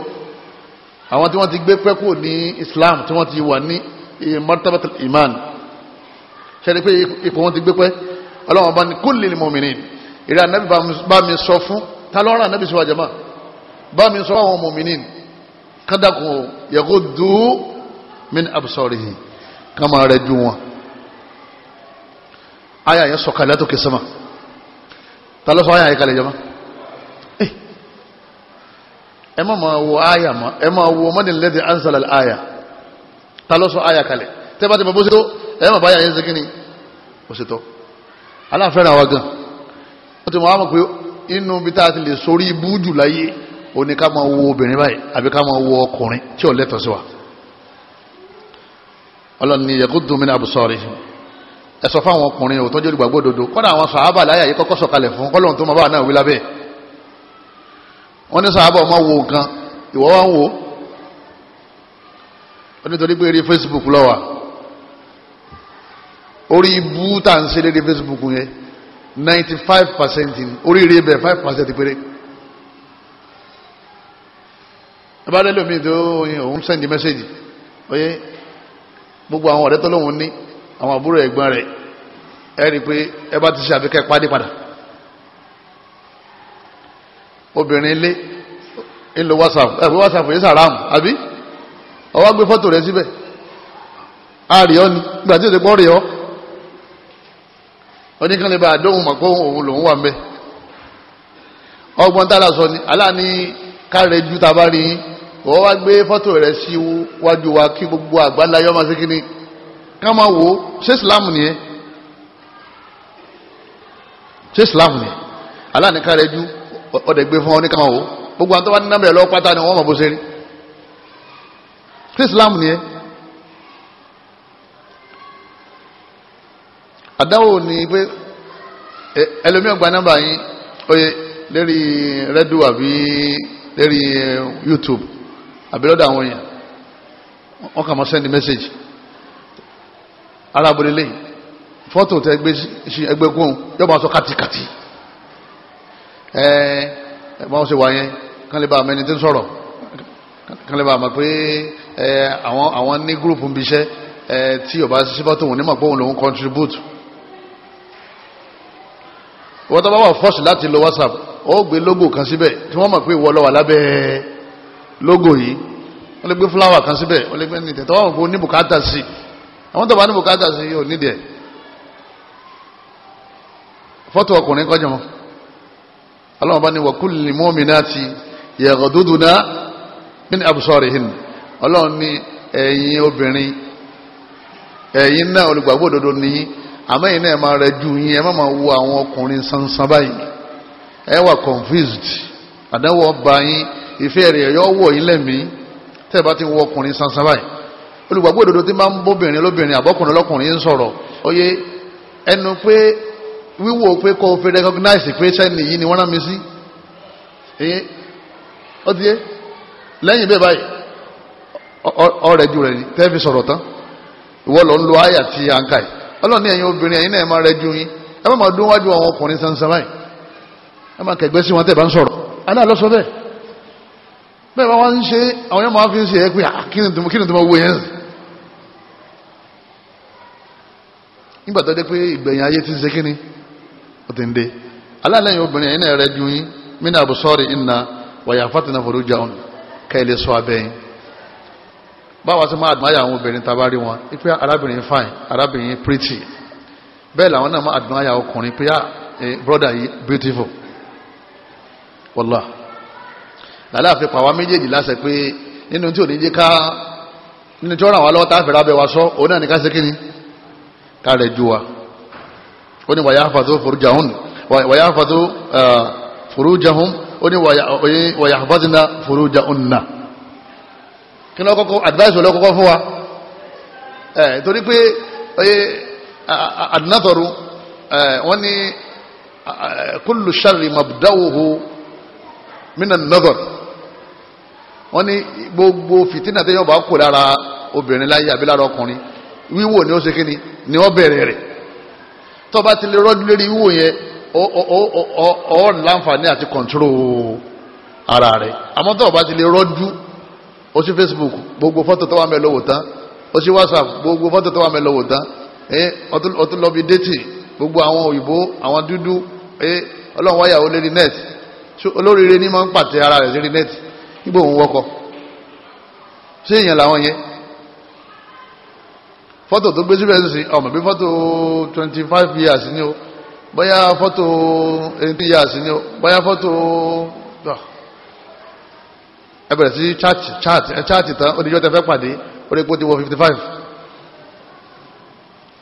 A: àwọn tí wọ́n ti gbé pẹ́kù ní Islam tí wọ́n ti wà ní e, martabat iman ṣẹ́ni pé ipò wọn ti gbé pẹ́ ọlọ́run bá ní kúlì lè mọ̀mìnì ìrẹ́ ànábì bá mi sọ fún ta lọ́rọ̀ ànábì sọ àjẹmọ́ bá mi sọ fún mọ̀mìnì kádàkùn yẹ kó dùn min absorihim ká máa rẹ ju wọn aya yẹn sọ̀kalẹ̀ látòkè sánmà ta ló sọ aya yẹn kalẹ̀ jọba eh. ẹ má máa wo aya ma ẹ máa wo man alladhi anzala al-aya ta ló sọ aya kalẹ̀ tẹ́ bá ti bọ́ bó ṣe tó ẹ má bá aya yẹn ṣe kíni ó ṣe tó aláfẹ́ràn wa gan ó ti mọ̀ wá mọ̀ inú bí tá a ti lè sórí ibú jù láyé ó wo obìnrin báyìí àbí wo ọkùnrin tí ò lẹ́tọ̀ọ́ sí wa ọlọ́run ni yagudu min abusori ẹ sọ fáwọn ọkùnrin ò tọ́jú olùgbàgbọ́ dodo kọ́dà àwọn sàábà láyà yìí kọ́kọ́ sọ̀kalẹ̀ fún kọ́lọ́run tó máa bá náà wí lábẹ́ wọ́n ní sàábà ọmọ wo nǹkan ìwọ́ wá ń wo ó nítorí pé eré Facebook lọ́wà orí ibú tá à ń ṣe lédè Facebook yẹn ninety five percent orí eré bẹ́ẹ̀ five percent péré ẹ bá dé lómi tó òun send message oyè. Okay? gbogbo àwọn ọ̀rẹ́ tọ́lọ́hun ní àwọn àbúrò ẹ̀gbọ́n rẹ̀ ẹ pé ẹ bá ti ṣe pàdé padà obìnrin ilé ń lo whatsapp ẹ fi whatsapp yìí sàràmù àbí ọwọ́ gbé fọ́tò rẹ síbẹ̀ a rí ọ ni nígbà tí o ti gbọ́ rí ọ oníkanlẹ̀ bá àdóhùn mọ̀ kó òun lòún wà mẹ́ ọgbọ́n tára sọ ni aláàní káre ju tá a bá rí yín wọ́n wá gbé fọ́tò rẹ̀ sí wájú wa kí gbogbo àgbàlá yọ máa ṣe kí ni ká máa wò ó ṣé islam ni ẹ ṣé islam ni aláàníkà rẹ ju ọdẹ gbé fún ọ ní ká máa wò ó gbogbo àwọn tó bá ní nàbẹ̀rẹ̀ lọ pátá ni wọ́n mọ̀ bó ṣe rí ṣé islam ni ẹ. àdáwò ni pé ẹlòmíràn gba nọ́mbà yín oye lérí àbí lérí eh, YouTube àbí lọ́dọ̀ àwọn èèyàn wọ́n kà máa send message arábìnrin lè fọ́tò tẹ ẹgbẹ́ gún yóò máa sọ kàtìkàtì ẹ ẹ máa ṣe wà yẹn kán lè bá àmọ́ ẹni tí ń sọ̀rọ̀ kán lè bá àmọ́ pé ẹ àwọn àwọn ní gúrùpù ń bíṣẹ́ ẹ tí ọba ṣiṣẹ́ fọ́tò wọn nímọ̀ pé òun lòun contribute wọ́n tó bá wà fọ́ọ̀sì láti lo WhatsApp ó gbé logo kan síbẹ̀ tí wọ́n mọ̀ pé ìwọ ló wà lábẹ́ logo yìí wọ́n lè gbé fúláwà kan síbẹ̀ wọ́n lè gbé ní tẹ̀tọ́ wọ́n kò ní bùkátà sí àwọn tó bá ní bùkátà sí yóò nídìí ẹ̀ fọ́tò ọkùnrin kọjá wọn aláwọ̀ bá ní wa kulli mu'minati yaghdudna min absarihin ọlọ́run ní ẹ̀yin obìnrin ẹ̀yin náà olùgbàgbọ́ òdodo ní àmọ́ ẹ̀yin náà máa rẹ ju yín ẹ má máa wo àwọn ọkùnrin sansan báyìí ẹ wà confused àdáwọ̀ bá yín ìfẹ́ rẹ̀ yọ wọ̀ yín lẹ́mìí tẹ́ ẹ bá ti wọ ọkùnrin sansan báyìí olùgbàgbọ́ òdodo tí máa ń bóbìnrin lóbìnrin àbọ́kùnrin lọ́kùnrin ń sọ̀rọ̀ oyè ẹnu pé wíwò pé kó o fi recognize pé sẹ́ni yìí ni wọ́n rán mi sí ẹ̀yìn ó ti yé lẹ́yìn bẹ́ẹ̀ báyìí ọ̀rẹ́ ju rẹ̀ tẹ́ fi sọ̀rọ̀ tán ìwọ lọ ń lo àyà tí a ń kà yìí ọlọ́ọ̀ni ẹ̀yin obìnrin ẹ̀yin náà ẹ̀ máa rẹ ju yín ẹ má máa dún wájú àwọn ọkùnrin sansan báyìí ẹ má kẹgbẹ́ sí wọn tẹ́ bá ń sọ̀rọ̀ aláàlọ́sọ bẹ́ẹ̀ bẹ́ẹ̀ bá wọ́n ń ṣe àwọn yẹn fi ń ṣe ẹ pé ah, kí ni yẹn nígbà tó dé pé ìgbẹ̀yìn ayé ti ń ṣe kí ni ó ti ń dé obìnrin ẹ̀yìn rẹ̀ ju yín mina abusori inna wàyà kẹ́lẹ́ sọ abẹ́yìn báwa máa àwọn obìnrin a bá rí wọn pé arábìnrin fine arábìnrin pretty bẹ́ẹ̀ làwọn náà làláàfin pàwá méjèèjì láṣẹ pé nínú tí ò ní jẹ́ ká nínú tí ó ràn wá lọ́wọ́ táàfin rábẹ́ wa sọ òun náà ní ká ṣe kíni ká rẹ̀ ju wa ó ní wàyà àfàtó furujahun wàyà àfàtó ó ní wàyà furujahunna kí ló kọ́kọ́ advice ló kọ́kọ́ fún wa ẹ̀ torí pé adnatharu wọ́n ní kullu sharri mabda'uhu min an-nadhar wọ́n ní gbogbo fìtínà tẹ́yàn bá kò lára obìnrin láyé àbí lára ọkùnrin wíwò ni ó ṣe kíni ni ó bẹ̀rẹ̀ rẹ̀ tó bá ti lè rọ́dún lérí wíwò yẹn ọ̀ọ́ láǹfààní àti kọ̀ǹtúrò ara rẹ̀ àmọ́ tó ti lè rọ́dún ó sí Facebook gbogbo fọ́tò tó wà mẹ́ lọ́wọ́ tán ó sí WhatsApp gbogbo fọ́tò tó wà mẹ́ lọ́wọ́ tán ọtún lọ bí déètì gbogbo àwọn òyìnbó àwọn dúdú ọlọ́run wáyà ó lérí net olóríire ní máa ń pàtẹ ara rẹ̀ lérí net níbo òun wọkọ̀ ṣé èèyàn làwọn yẹn fọ́tò tó gbé síbẹ̀ sí ọmọ bí fọ́tò twenty five years ni o bóyá fọ́tò eighteen years ni o bóyá fọ́tò ẹ bẹ̀rẹ̀ sí chat chat ẹ chat tán oníjọ́ tẹ fẹ́ pàdé orí epo ti fifty five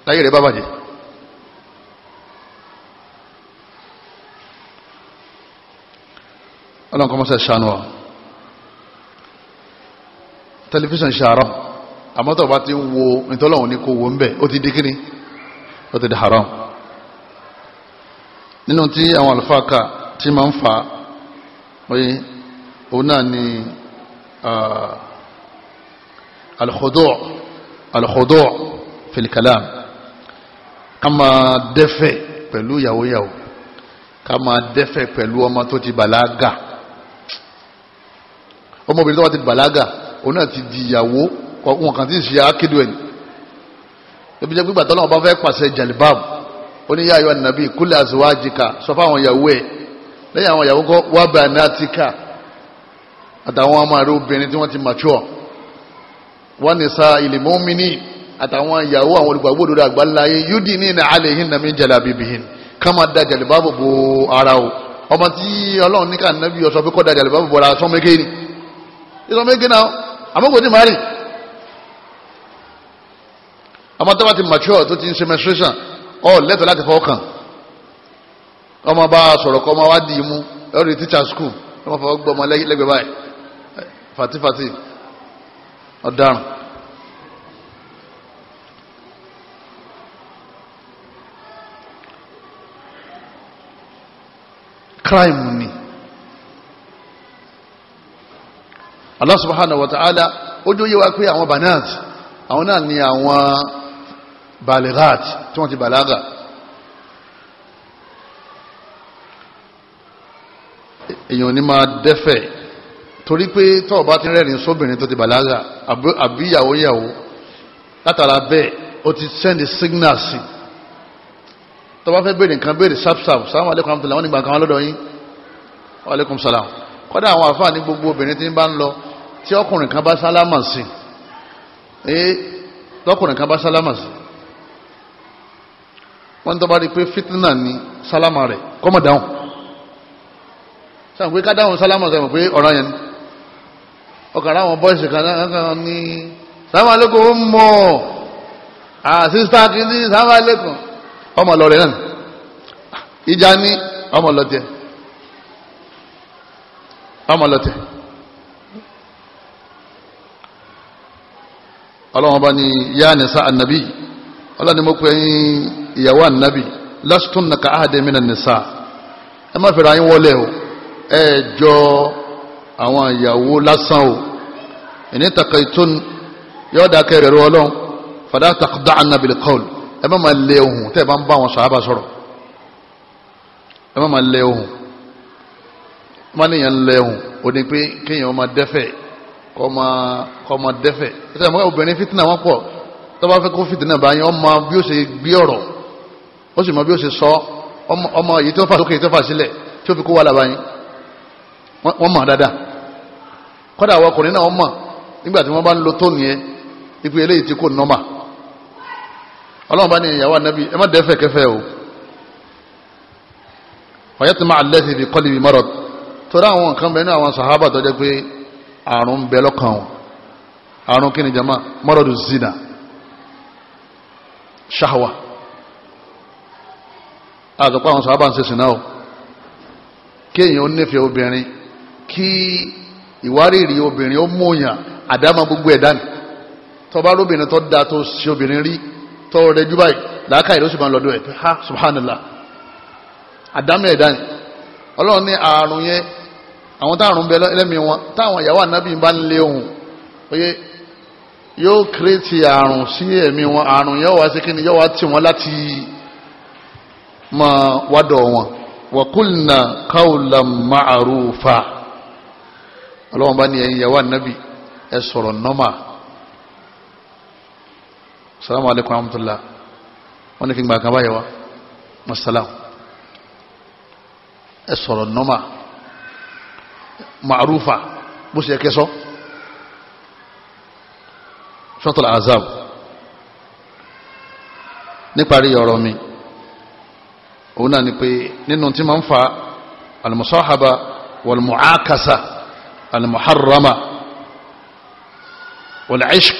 A: láyé rẹ̀ bá bàjẹ́. ọlọ́nkọ́ mọ́sẹ̀ ṣàánú wa tẹlifíṣàn ṣàrọ̀ àmọ́ tó bá ti ń wo ìtọ́lọ́hún ní kò wo ń bẹ̀ ó ti di kíni ó ti di haram nínú tí àwọn àlùfáà kà tí máa ń fà oye òun náà ni alkhudu' alkhudu' fil kalam ká máa dẹ́fẹ̀ pẹ̀lú yàwó ká máa dẹ́fẹ̀ pẹ̀lú ọmọ tó ti bàlágà ọmọbìnrin tó bá ti bàlágà òun náà ti di ìyàwó wọn kàn ti ṣe akéde ẹni ebi jẹ́ gbígbà tọ́lọ́wọ́n bá fẹ́ pàṣẹ jàlibáàbù ó ní yáyọ nàbí kúlẹ̀ àṣewájìká sọ fáwọn ìyàwó ẹ̀ lẹ́yìn àwọn ìyàwó kọ́ wábà nátíkà àtàwọn ọmọ rẹ̀ obìnrin tí wọ́n ti mature wọ́n ní sa ìlìmọ́mìnì àtàwọn ìyàwó àwọn olùgbàgbọ́ òdodo àgbáláyé yúdì ní ìnà alẹ́ yìí nàmí jalabibihin ká máa da jàlibáàbù bo ara o ọmọ tí ọlọ́run ní ká nàbí ọ̀sọ́ bo ara sọ́mẹ́kẹ́ ni àmọ́kò tí mari ọmọ tó bá ti mature tó ti ń ṣe menstruation ọ lẹ́tọ̀ láti fọwọ́ kàn ọmọ bá sọ̀rọ̀ kọ́ ọmọ wá dì í mú lórí teacher school ọmọ fọwọ́ gbọ́ ọmọ lẹ́gbẹ̀ẹ́ báyìí fatifati ọ̀daràn crime ni Allah subhanahu wa ta'ala ó jó yé wa pé àwọn banat àwọn náà ni àwọn balighat tí wọ́n ti balaga èèyàn ní máa dẹ́fẹ̀ torí pé tó bá ti rẹ́rìn sóbìnrin tó ti balaga àbí ìyàwó ìyàwó látara bẹ́ẹ̀ ó ti send signal sí tó bá fẹ́ béèrè nǹkan béèrè sapsap salamu alaikum amtala nígbà kan lọ́dọ̀ yín wa salam kọ́dà àwọn àfáà ní gbogbo obìnrin tí ń bá ń lọ tí ọkùnrin kan bá sálámà sí ee tọkùnrin kan bá sálámà sí wọ́n tó bá rí pé fitna ni sálámà rẹ̀ kọ́mọ̀ dáhùn sáà pé ká dáhùn sálámà sẹ́mu pé ọ̀ràn yẹn ni ọkàn àwọn bọ́ìsì kan náà ní sálámà lóko ó mọ̀ àsísítà kìíní sálámà lẹ́kọ̀ọ́ ọmọ lọ rẹ̀ náà ah, ìjà ni ọmọ lọ tẹ ọmọ lọ tẹ. ọlọ́wọ́n bá ní yá nìsa ànàbí ọlọ́wọ́n ni mo pè yín ìyàwó ànàbí lásìtún nà ká àdé mi nà nìsa ẹ má fẹ́ra yín wọlé o ẹ jọ àwọn ìyàwó lásán o ìní takaitun yóò dá kẹrẹ rẹ ọlọ́wọ́n fàdá takdá ànàbí kọ́ọ̀lù ẹ má máa lé ohùn tẹ́ ẹ bá ń bá àwọn sàábà sọ̀rọ̀ ẹ má máa lé ohùn má níyàn lé ohùn ó ní pé kéèyàn máa dẹ́fẹ̀ẹ́ kọ́mọ kọ́mọ dẹ́fẹ̀ ẹ̀sẹ̀ àwọn obìnrin fìtínà wọn pọ̀ tó bá fẹ́ kó fìtínà bá yẹn ọmọ bí ó ṣe gbé ọ̀rọ̀ ó sì mọ bí ó ṣe sọ ọmọ èyí tó fà sókè tó fà tí fi kó wà lábàá yín wọ́n dáadáa kọ́dà àwọn ọkùnrin náà wọ́n mọ̀ nígbà tí bá ń lo yẹn o ti àrùn ń bẹ lọ́kàn wọn àrùn kí ni jama mọ́rọ̀dù zina ṣáhàwà àtọ́pọ̀ àwọn sábà ń ṣe sinna o kéèyàn ó nífẹ̀ẹ́ obìnrin kí ìwárìrì obìnrin ó mọ̀ọ́yàn àdámà gbogbo ẹ̀ dání tọba lóbìnrin tó dáa tó ṣe obìnrin rí tó rẹ jú báyìí làákàyè ló sì máa lọ́dọ̀ ẹ̀ ha subhanallah àdámà ẹ̀ dání ọlọ́run ní àrùn yẹn àwọn táàrùn bẹ lẹ́mí wọn táwọn ìyàwó ànábì bá ń lé ohun oyé yóò kírètì àrùn sí ẹ̀mí wọn àrùn yóò wá sí kíni yóò wá tì wọn láti mọ wádọ̀ wọn wàkúlnà káwùlà ma'rúfà ọlọ́wọ́n bá ní ẹ̀yìn ìyàwó ànábì ẹ sọ̀rọ̀ nọ́mà salamu alaikum rahmatullah wọ́n ní kí n gbà kan báyẹ̀wá masalam ẹ sọ̀rọ̀ nọ́mà ma'rufa bó ṣe kẹsọ́ suratul azab níparí ọ̀rọ̀ mi òun náà ni pé nínú tí ma ń fa almusahaba walmuakasa almuharrama walishq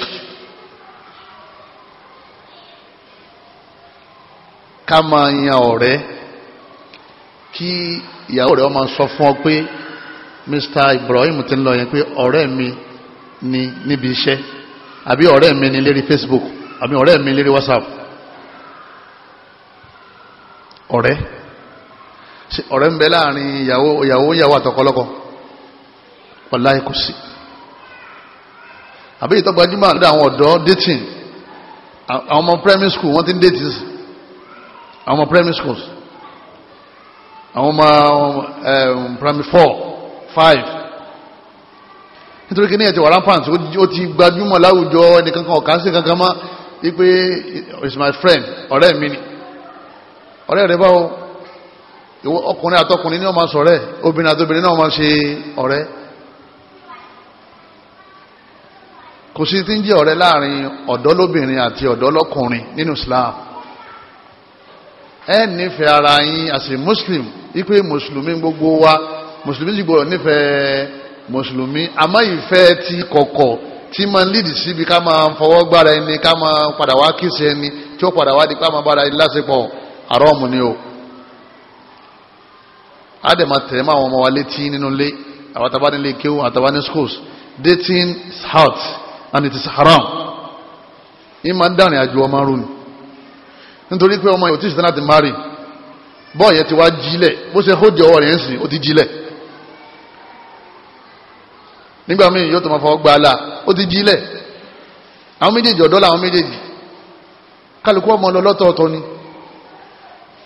A: ká máa yan ọ̀rẹ́ kí ìyàwó rẹ̀ ọmọ sọ fún ọ pé Mr. Ibrahim ti ń lọ yẹn pé ọ̀rẹ́ mi ni níbi iṣẹ́ àbí ọ̀rẹ́ mi ni lérí Facebook àbí ọ̀rẹ́ mi lérí WhatsApp ọ̀rẹ́ ọ̀rẹ́ ń bẹ láàrin ìyàwó ìyàwó ìyàwó àtọkọlọ́kọ wàláhì kò sí àbí ìtọ́gbajúmọ̀ àdúrà àwọn ọ̀dọ́ dating àwọn ọmọ primary school wọ́n ti ń date àwọn ọmọ primary schools àwọn ọmọ um, primary four five nítorí kí ní ẹ̀tẹ̀ wàrán pants ó ti gbajúmọ̀ láwùjọ ẹnìkankan ọ̀kan sí kankan mọ́ wípé is my friend ọ̀rẹ́ mi ni ọ̀rẹ́ rẹ báwo ọkùnrin àtọkùnrin ní ọmọ sọ̀rẹ́ obìnrin àtobìnrin náà máa ṣe ọ̀rẹ́ kò sí tí ń jẹ́ ọ̀rẹ́ láàrin ọ̀dọ́ lóbìnrin àti ọ̀dọ́ lọ́kùnrin nínú Islam ẹ nífẹ̀ẹ́ ara yín as a Muslim wípé mùsùlùmí gbogbo wa mùsùlùmí sì gbọ́dọ̀ nífẹ̀ẹ́ mùsùlùmí àmọ́ ìfẹ́ ti kọ̀kọ̀ tí máa ń lídì síbi ká máa ń fọwọ́ gbára ẹni ká máa padà wá kíṣe ẹni tí ó padà wá di ká máa bára ẹni lásìpọ̀ àrọ́ọ̀mù ni o. a dẹ̀ máa tẹ̀lé máa wọn ọmọ wa létí nínú ilé àwọn tàbá nílé kéwù dating is hot and it is haram. yín máa ń dàrin àjò ọmọ rú ni nítorí pé ọmọ yòó tí ìsìn náà ti máa rì bọ́ọ̀ yẹn ti wá jílẹ̀ bó ṣe hójú ọwọ́ rẹ̀ ń sìn ó ti jílẹ̀ nígbà míì yóò tó ma fọwọ́ gba àlà ó ti jílẹ̀ àwọn méjèèjì ọ̀dọ́ làwọn méjèèjì kálukú ọmọ lọ lọ́tọ̀ọ̀tọ̀ ni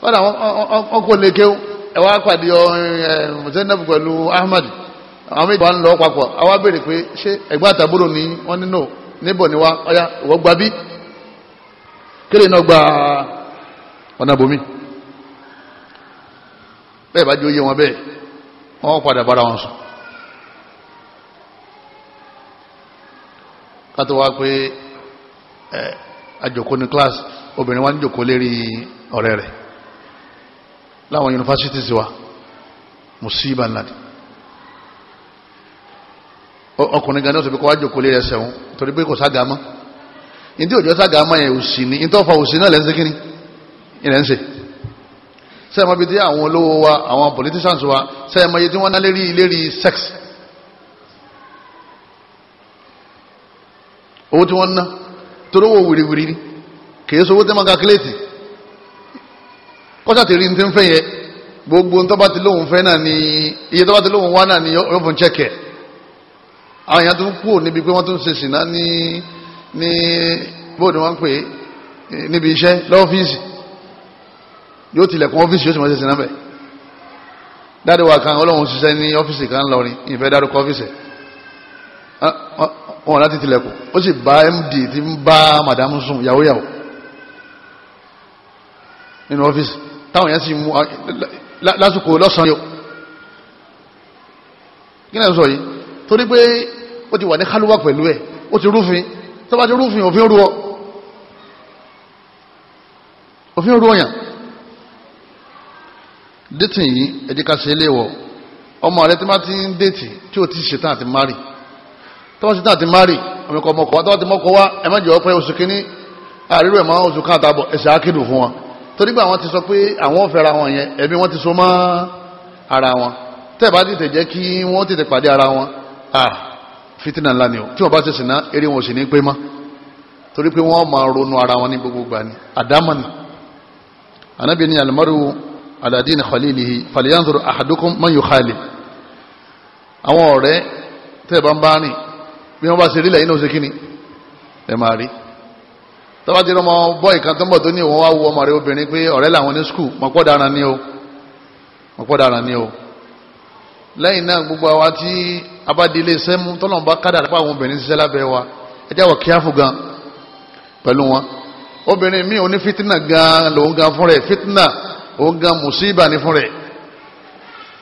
A: wọ́n àwọn kò lè kéwù ẹ wá pẹ̀lú Ahmad àwọn méjèèjì wà ń lọ papọ̀ béèrè pé ṣé ẹ̀gbọ́n àtàbúrò ni wọ́n nínú níbọ̀ ni wá ìwọ́ gba bí kéde náà gba ọ̀nà bòmí bẹ́ẹ̀ bá jẹ́ oyé wọn bẹ́ẹ̀ wọ́n padà bára wọn kátó wá pé àjòkó ní class obìnrin wá ń jòkó lérí ọ̀rẹ́ rẹ̀ láwọn universities wa musiba ńlá ni ọkùnrin gan náà sọ pé kọ́ wá jòkó lérí ẹsẹ̀ wọn torí pé kò sága mọ́ ní tí òjò sága yẹn òsì ni ní tó òsì náà lẹ́sẹ̀ kínní ilẹ̀ sẹ́ẹ̀mọ́ bíi tí àwọn olówó wa àwọn politicians wa sẹ́ẹ̀mọ́ yìí tí wọ́n ná lérí lérí sex owó tí wọ́n ná torí owó wìrìwìrì ni kìí sọ owó tí wọ́n kakiléètì kọ́sà ti rí ní ti ń fẹ́ yẹ gbogbo ń tọ́ba ti lóun fẹ́ náà ni iye tọ́ba ti lóun wá náà ni yóò fún chẹ́kẹ̀ àwọn èèyàn tó ń kúrò níbi pé wọ́n tó ń ṣe sìnà ní ní bóòdù wọn pè é níbi iṣẹ́ lọ́fíìsì yóò tilẹ̀kùn ọ́fíìsì yóò sì máa ṣe sìnà bẹ̀ dáadé kan ọlọ́run ṣiṣẹ́ ní ọ́fíìsì kan lọrin ìfẹ́ dárúkọ ọ́fíìsì Ah, ah, wọn láti tilẹ̀kùn ó sì bá md tí ń bá madam sùn yàwó yàwó nínú ọ́fíìsì táwọn yẹn sì mú ah, lásìkò lọ́sàn-án yóò kí náà sọ yìí torí pé ó ti wà ní kálúwà pẹ̀lú ẹ̀ ó ti rúfin tó bá ti rúfin òfin rú ọ òfin rú ọyàn dẹ́tì yìí ẹ̀díkà sí ilé wọ ọmọ rẹ tí má ti ń dẹ́tì tí ó ti ṣetán àti mari tí wọ́n sì tàn ti mari ọmọ ikọ̀ ọmọkọ̀ tí wọ́n ti mọ́kọ̀ wá ẹ má jẹ́ ọpẹ́ oṣù kínní àrírò ẹ̀mọ́ oṣù kan àtàbọ̀ ẹ̀sẹ̀ akédù fún wọn torí pé àwọn ti sọ pé àwọn fẹ́ra wọn yẹn ẹ̀mí wọn ti so mọ́ ara wọn tẹ́ bá tètè jẹ́ kí wọ́n tètè pàdé ara wọn ah fitina ńlá ni o tí wọ́n bá ti sìn ná eré wọn ò sì ní pé mọ́ torí pé wọ́n máa ronú ara wọn ní gbogbo ni àdámọ́ ni anabi ni alimaru aladini khalilihi falyanzuru ahadukum man yukhalil àwọn ọ̀rẹ́ tẹ́ bá ń bá rìn bí wọ́n bá ṣe rí lẹ́yìn náà ṣe kí ni ẹ máa rí tọ́ba ti rọmọ bọ́ì kan tó ń bọ̀ tó ní ìwọ̀n wá wo ọmọ rẹ obìnrin pé ọ̀rẹ́ làwọn ní skul mọ̀pọ̀ dára ni o mọ̀pọ̀ dára lẹ́yìn náà gbogbo àwa tí abádìílé sẹ́mú tọ́lọ́mùbá kádàrá pa àwọn obìnrin ṣiṣẹ́ lábẹ́ wa ẹ jẹ́ wọ̀ kíáfù gan pẹ̀lú wọn obìnrin mi ò ní fitina gan lòun gan fún rẹ̀ fitina òun gan mùsíbà ní fún rẹ̀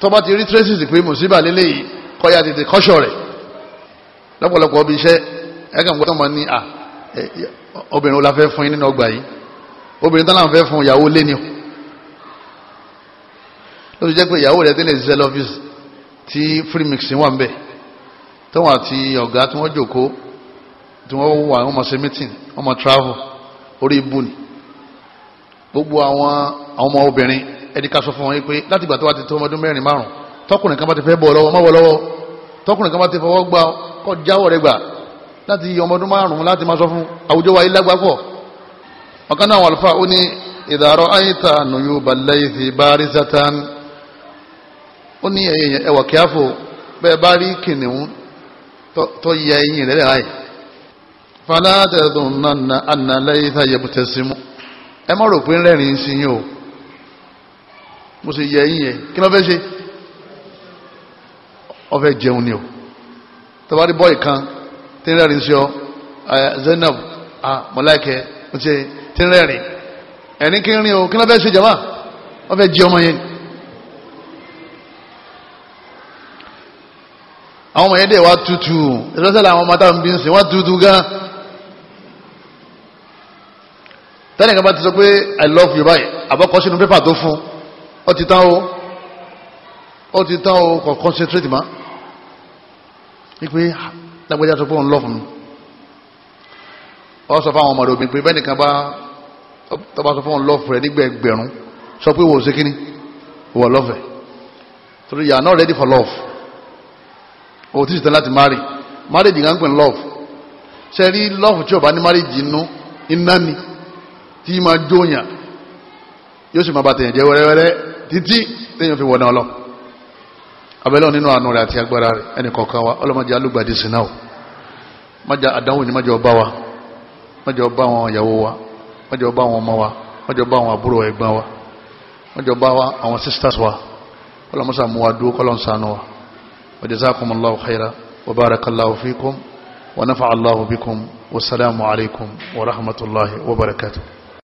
A: tọ́ba ti rí traces pé musiba lélẹ́yìí kọ́ya tètè kọ́ṣọ́ rẹ̀ lọ́pọ̀lọpọ̀ ọbí iṣẹ́ ẹ̀kàn gbọ́dọ̀ mọ̀ ní à obìnrin wo la fẹ́ fún yín nínú ọgbà yìí obìnrin tán láwọn fẹ́ fún ìyàwó lé ni ó ti jẹ́ pé ìyàwó rẹ̀ tẹ́lẹ̀ ṣiṣẹ́ lọ́fíìsì tí free mixing wà ń bẹ̀ tóun àti ọ̀gá tí wọ́n jòkó tí wọ́n wà wọ́n mọ̀ ṣe meeting wọ́n mọ̀ travel orí ibu ni gbogbo àwọn ọmọ obìnrin ẹni ká sọ fún wọn pé láti ìgbà tó wà ti tó ọmọdún mẹ́rin márùn tọkùnrin kan bá ti fẹ́ bọ̀ lọ́wọ́ mọ́wọ́ lọ́wọ́ tọkùnrin kan bá ti fọwọ́ gbà kọ́ jáwọ́ rẹ̀ gbà láti ọmọ ọdún márùn-ún láti máa sọ fún àwùjọ wa ilé agbápọ̀ ọ̀kan náà wàlúfà ó ní ìdàrọ̀ àyíta nùyú balẹ̀yìí bari satan ó ní ẹ̀yìn ẹwà kíáfò bẹ́ẹ̀ bá rí kìnìún tó yẹ ẹ̀yìn rẹ̀ láì falátẹ̀dùn náà ànàlẹ́yìíta yẹbùtẹ̀símú ẹ má rò pé rẹ́rìn sí yín o mo sì yẹ ẹ̀yìn yẹn kí ló fẹ́ ṣe ó fẹ́ jẹun ni o tọ́wárí bọ́ọ̀ kan tí ń rẹ́rìn sí ọ Zainab mọ̀láìkẹ́ ó ṣe tí ń rẹ́rìn ẹ̀rín kí ń rìn o kí ló fẹ́ ṣe jàmá wọ́n fẹ́ jí ọmọ yẹn. àwọn ọmọ yẹn dẹ̀ wá tutù ìrọ́sẹ̀ làwọn ọmọ táwọn bí ń sìn wá tutù gan. tẹ́lẹ̀ kan bá ti sọ pé I love you báyìí àbọ̀kọ́ sínú pépà tó fún ọ ti tán o ó ti tán o kò concentrate mọ́ wípé lágbẹ́já tó fóun lọ́fún mi ọ sọ fáwọn ọmọdé obìnrin pé bẹ́ẹ̀ nìkan bá tọba sọ fóun lọ́fún rẹ̀ nígbà ẹgbẹ̀rún sọ pé wò ó sí kíní wò lọ́fẹ̀ torí you are not ready for love o ti sìtẹ́ láti marry marriage nǹkan pè ní love ṣe rí love tí o bá ní marriage inú iná ni tí máa jóyàn yóò sì máa bàtẹ̀yàn jẹ́ wẹ́rẹ́wẹ́rẹ́ títí téèyàn fi wọ̀ náà lọ́wọ́ abẹ́lẹ́ nínú àánú rẹ̀ àti agbára rẹ̀ ẹnì kọ̀ọ̀kan wa ọlọ́mọdé alúgbàdì sí náà mọ́jà àdánwò ní mọ́jà ọba wa mọ́jà ọba àwọn ìyàwó wa mọ́jà ọba àwọn ọmọ wa mọ́jà ọba àwọn àbúrò ẹ̀gbọ́n wa mọ́jà ọba àwọn sisters wa ọlọ́mọsà mú wa